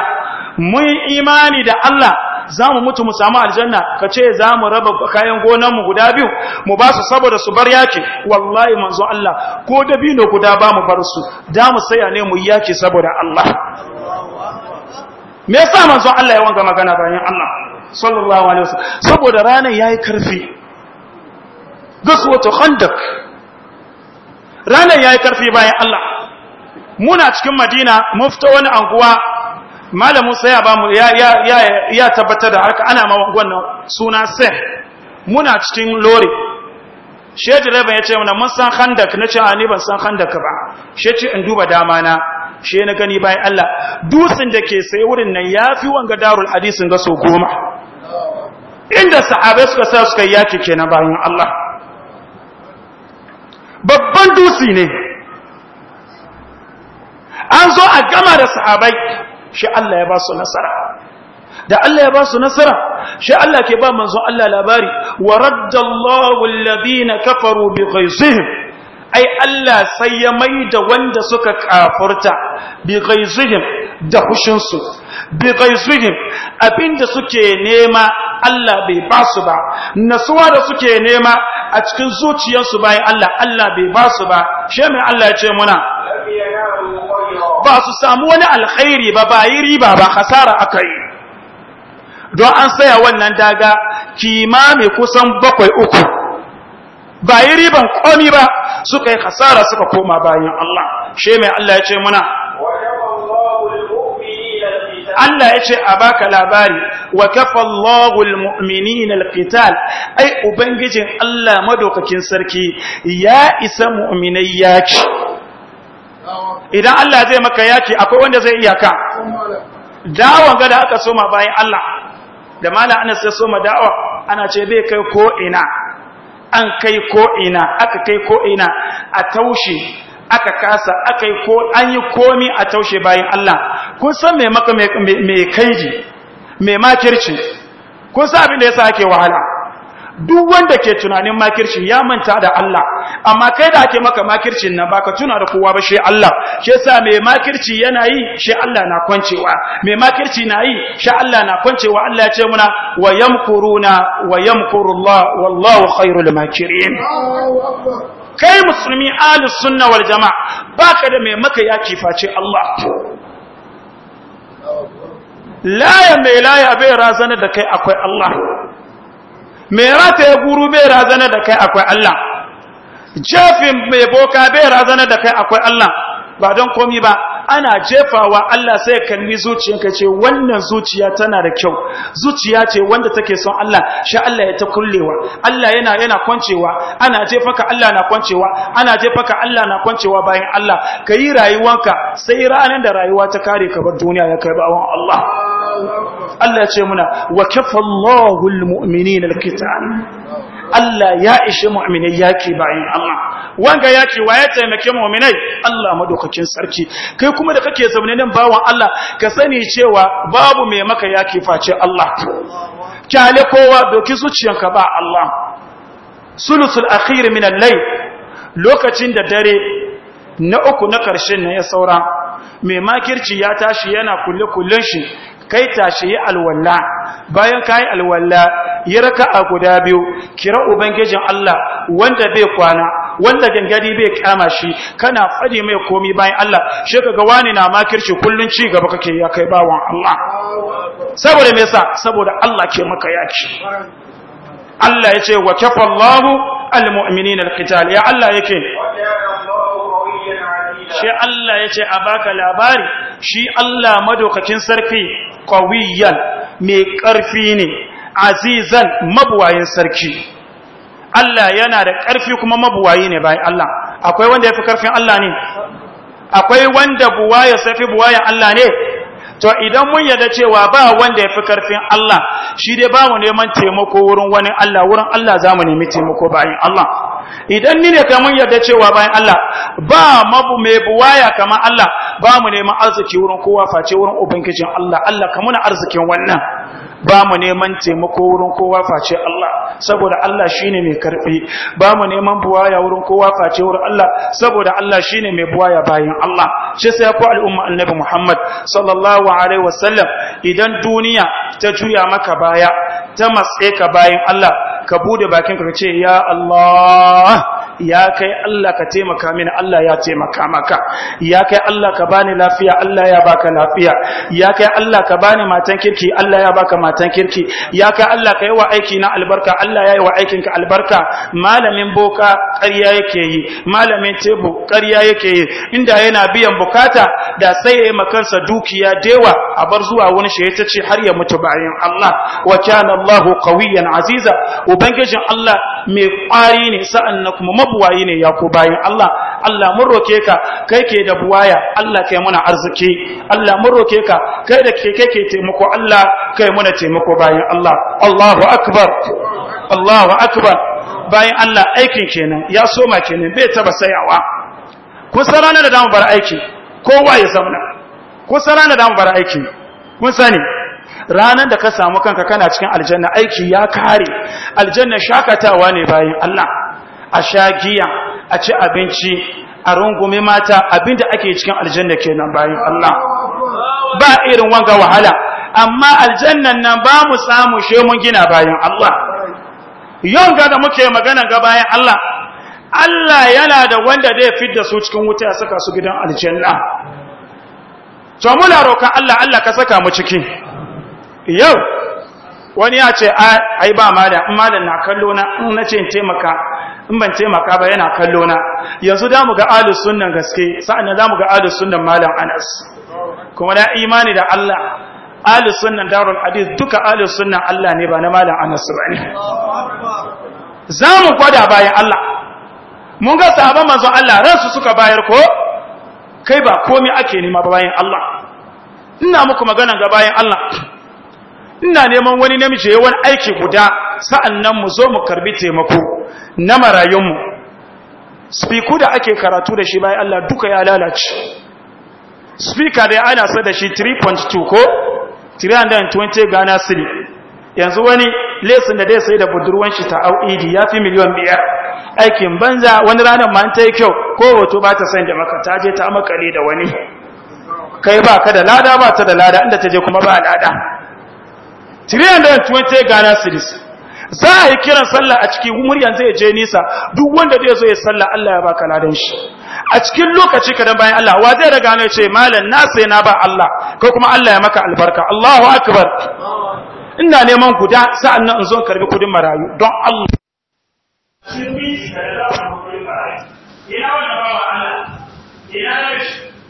Speaker 1: mun imani da Allah za mu mutu mu samu aljanna ka ce za mu raba kayan gonanmu guda biyu mu ba su saboda su bar yaki wallahi manzo Allah ko dabino guda ba mu bar su da mu saya ne mu yaki saboda Allah me yasa manzo Allah ya wanga magana bayan Allah sallallahu alaihi wasallam saboda ranar yayi karfi gaswatu khandak ranar yayi karfi bayan Allah muna cikin Madina mufta wani anguwa malamin sai ya bamu ya tabbatar da harka ana ma suna sai muna cikin lori she rabin ya ce mana mun san handak na ce ni ban san handak ba she ce in duba dama na she na gani bayan Allah dusin da ke sai wurin nan ya fi wanga darul hadisin ga so goma inda sa'abai suka sa suka yaki kenan bayan Allah babban dusi ne an zo a gama da sahabai shi Allah ya ba su nasara da Allah ya ba su nasara shi Allah ke ba manzon Allah labari wa raddallahu alladhina kafaru bi ghaizihim ai Allah sai ya maida wanda suka kafurta bi ghaizihim da hushinsu bi qaisihim abinda suke nema Allah bai ba su ba nasuwa da suke nema a cikin zuciyarsu bayan Allah Allah bai ba su ba mai Allah ya ce muna ba su samu wani alkhairi ba ba yi riba ba hasara akai don an saya wannan daga kimami kusan bakwai uku ba yi riban komi ba suka yi hasara suka koma bayan Allah she mai Allah ya ce muna Allah ya ce a baka labari wa kafa Allahul mu'minina alqital ai ubangijin Allah madaukakin sarki ya isa mu'minai yaki idan Allah zai maka yaki akwai wanda zai iya ka dawon ga aka soma bayan Allah da mala ana ya soma dawa ana ce bai kai ko ina an kai ko ina aka kai ko ina a taushe aka kasa aka yi ko an yi komi a taushe bayan Allah kun san mai maka mai kaiji mai makirci kun san abin da ya sa ake wahala duk wanda ke tunanin makirci ya manta da Allah amma kai da ake maka makircin nan baka tuna da kowa ba shi Allah shi yasa mai makirci yana yi shi Allah na kwancewa mai makirci na yi shi Allah na kwancewa Allah ya ce muna wa yamkuruna wa yamkurullah wallahu khairul makirin kai musulmi ahlus sunna wal jama'a baka da mai maka yaki face Allah laya mai laya bai razana da kai akwai Allah mai rata ya guru bai razana da kai akwai Allah jafin mai boka bai razana da kai akwai Allah ba don komi ba ana jefawa Allah sai kalli zuciyarka ce wannan zuciya tana da kyau zuciya ce wanda take son Allah sha Allah ya ta kullewa Allah yana yana kwancewa ana jefaka Allah na kwancewa ana jefaka Allah na kwancewa bayan Allah kai rayuwanka sai ranan da rayuwa ta kare ka bar duniya ya kai bawon Allah Allah ya ce muna wa kafallahu almu'minina alqital Allah ya ishe mu'minai yaki bayan Allah wanga yake wa ya taimake mu'minai Allah madaukakin sarki kai kuma da kake zaune nan bawan Allah ka sani cewa babu mai maka yaki face Allah kyale kowa doki ka ba Allah sulusul akhir min al-layl lokacin da dare na uku na karshen ne ya saura mai makirci ya tashi yana kulle kullen shi kai tashi ya alwala bayan kayi alwala yi a guda biyu kira ubangijin Allah wanda bai kwana wanda gangadi bai kama shi kana fadi mai komi bayan Allah shi kaga wani na makirci kullun ci gaba kake ya kai bawan Allah saboda me yasa saboda Allah ke maka yaki Allah yace wa kafallahu almu'minina alqital ya Allah yake shi Allah ya ce a baka labari shi Allah madaukakin sarki qawiyan mai ƙarfi ne azizan mabuwayin sarki Allah yana da ƙarfi kuma mabuwayi ne bayan Allah akwai wanda ya fi ƙarfin Allah ne akwai wanda buwaya safi buwayan Allah ne to idan mun yarda cewa ba wanda ya fi ƙarfin Allah shi dai ba mu neman taimako wurin wani Allah wurin Allah za mu nemi taimako bayan Allah idan ni ne kamar yarda cewa bayan Allah ba mabu mai buwaya kamar Allah ba mu neman arziki wurin kowa face wurin ubangijin Allah Allah ka muna arzikin wannan ba mu neman taimako wurin kowa face Allah saboda Allah shine mai karfi ba mu neman buwaya wurin kowa face wurin Allah saboda Allah shine mai buwaya bayan Allah shi sai ku al'umma annabi Muhammad sallallahu alaihi wasallam idan duniya ta juya maka baya ta matse ka bayan Allah ka bude bakin ka ce ya Allah ya kai Allah ka taimaka mini Allah ya taimaka maka ya kai Allah ka bani lafiya Allah ya baka lafiya ya kai Allah ka bani matan kirki Allah ya baka matan kirki ya kai Allah ka yi wa aiki na albarka Allah ya yi wa aikin ka albarka malamin boka ƙarya yake yi malamin tebu ƙarya yake yi inda yana biyan bukata da sai ya yi makansa dukiya dewa a bar zuwa wani shi ta ce har ya mutu bayan Allah wa kana Allah qawiyan aziza ubangijin Allah mai kwari ne sa'an na kuma mabuwayi ne ya ku bayan Allah Allah mun roke ka kai ke da buwaya Allah kai muna arziki Allah mun roke ka kai da ke kai ke taimako Allah kai muna taimako bayan Allah Allahu akbar Allahu akbar bayan Allah aikin kenan ya soma kenan bai taba sayawa kun san ranar da dama bar aiki kowa ya zamana kusa ranar da mu bar aiki kun sani ranar da ka samu kanka kana cikin aljanna aiki ya kare aljanna shakatawa ne bayan Allah a sha a ci abinci a rungume mata abinda ake cikin aljanna kenan bayan Allah ba irin wanga wahala amma aljannan nan ba mu samu shemun gina bayan Allah yau ga da muke magana ga bayan Allah Allah yana da wanda zai fidda su cikin wuta ya saka su gidan aljanna to muna roƙon Allah Allah ka saka mu ciki yau wani ya ce ai ba malam in malam na kallo na in nace in taimaka in ban taimaka ba yana kallo na yanzu da mu ga ahli sunnan gaske sa'an za mu ga ahli sunnan malam Anas kuma da imani da Allah ahli sunnan darul hadith duka ahli sunnan Allah ne ba na malam Anas bane za mu gwada bayan Allah mun ga sahaban manzon Allah ransu suka bayar ko kai ba komai ake nema ba bayan Allah ina muku magana ga bayan Allah ina neman wani namiji yayin aiki guda sa'annan mu zo mu karbi taimako na marayun mu spiku da ake karatu da shi bayan Allah duka ya lalace speaker da ana sa da shi 3.2 ko 320 Ghana 3, yanzu wani lesson da dai sai da budurwan shi ta auidi ya fi miliyan biyar aikin banza wani rana ma ta yi kyau ko wato ba ta san da maka ta je ta makale da wani kai ba ka da lada ba ta da lada inda ta je kuma ba lada 320 Ghana cedis za a yi kiran sallah a ciki muryan zai je nisa duk wanda zai zo ya sallah Allah ya baka ladan shi a cikin lokaci kadan bayan Allah wa zai daga ne ce malam na sai na ba Allah ko kuma Allah ya maka albarka Allahu akbar ina neman guda sa'annan in zo karbi kudin marayu don Allah sun shi
Speaker 2: da za a hankali ina wanda ba wa ina